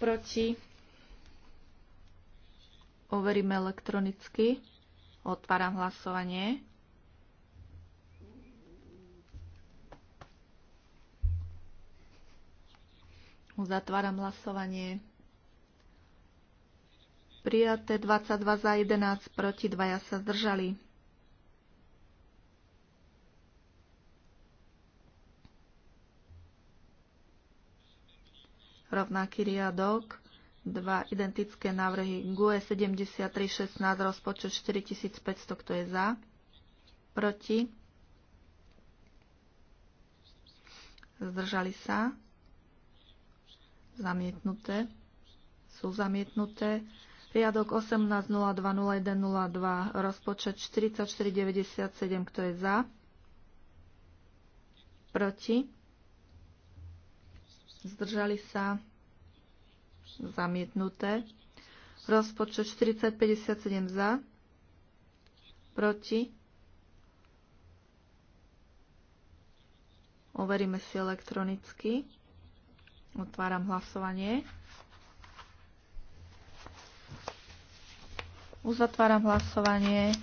proti. Overíme elektronicky. Otváram hlasovanie. Uzatváram hlasovanie. Prijaté 22 za 11, proti 2 sa zdržali. rovnaký riadok, dva identické návrhy GUE 7316 rozpočet 4500, kto je za, proti, zdržali sa, zamietnuté, sú zamietnuté, riadok 18020102, rozpočet 4497, kto je za, proti, zdržali sa, zamietnuté. Rozpočet 4057 za, proti. Overíme si elektronicky. Otváram hlasovanie. Uzatváram hlasovanie.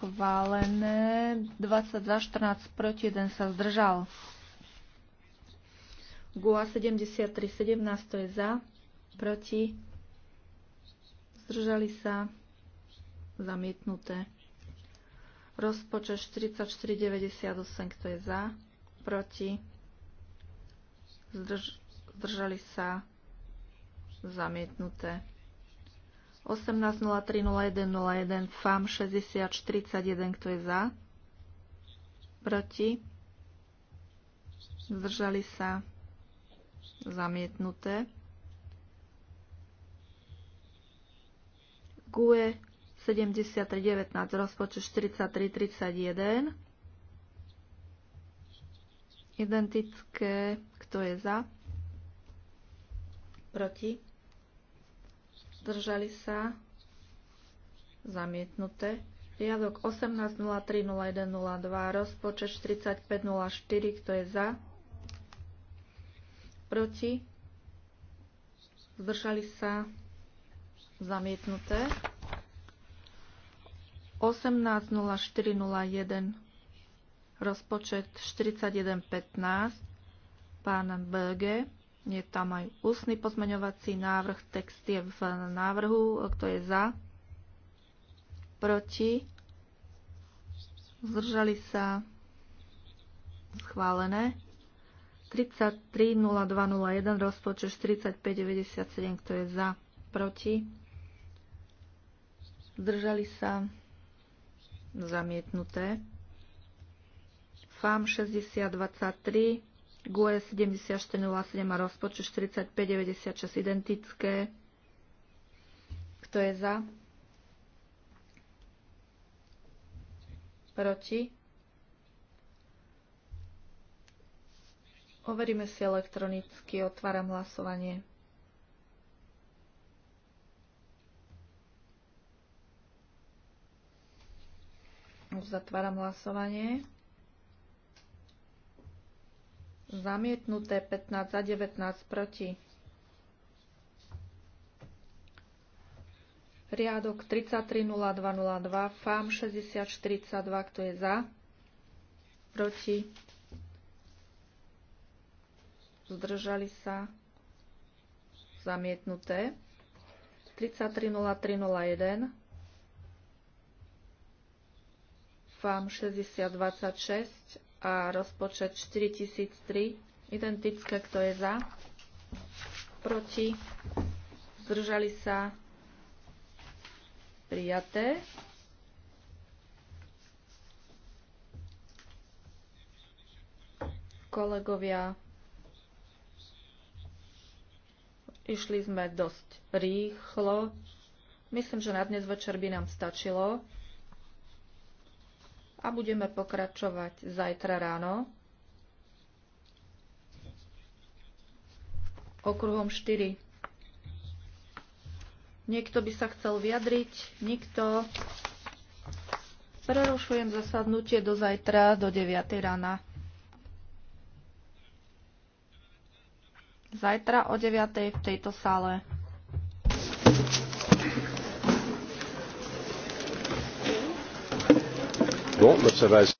schválené. 22 14 proti 1 sa zdržal. GUA 7317 to je za, proti, zdržali sa, zamietnuté. Rozpočet 4498 kto je za, proti, zdrž, zdržali sa, zamietnuté. 18.03.01.01 FAM 60.41, kto je za? Proti? Zdržali sa? Zamietnuté. GUE 73.19 rozpočet 43.31 identické, kto je za? Proti? zdržali sa, zamietnuté. Riadok 18.03.01.02, rozpočet 45.04, kto je za, proti, zdržali sa, zamietnuté. 18.04.01, rozpočet 41.15, pán Böge, je tam aj ústny pozmeňovací návrh, text je v návrhu, kto je za, proti, zdržali sa, schválené. 330201 rozpočet 4597, kto je za, proti, zdržali sa, zamietnuté. FAM 6023 GUE 7407 a rozpočet 4596 identické. Kto je za? Proti? Overíme si elektronicky, otváram hlasovanie. Zatváram hlasovanie. Zamietnuté 15 za 19 proti. Riadok 330202, FAM 6042, kto je za? Proti? Zdržali sa? Zamietnuté. 330301, FAM 6026, a rozpočet 4003. Identické, kto je za, proti, zdržali sa, prijaté. Kolegovia, išli sme dosť rýchlo. Myslím, že na dnes večer by nám stačilo a budeme pokračovať zajtra ráno okruhom 4. Niekto by sa chcel vyjadriť? Nikto? Prerušujem zasadnutie do zajtra do 9. rána. Zajtra o 9. v tejto sále. gauntlets, bon, notre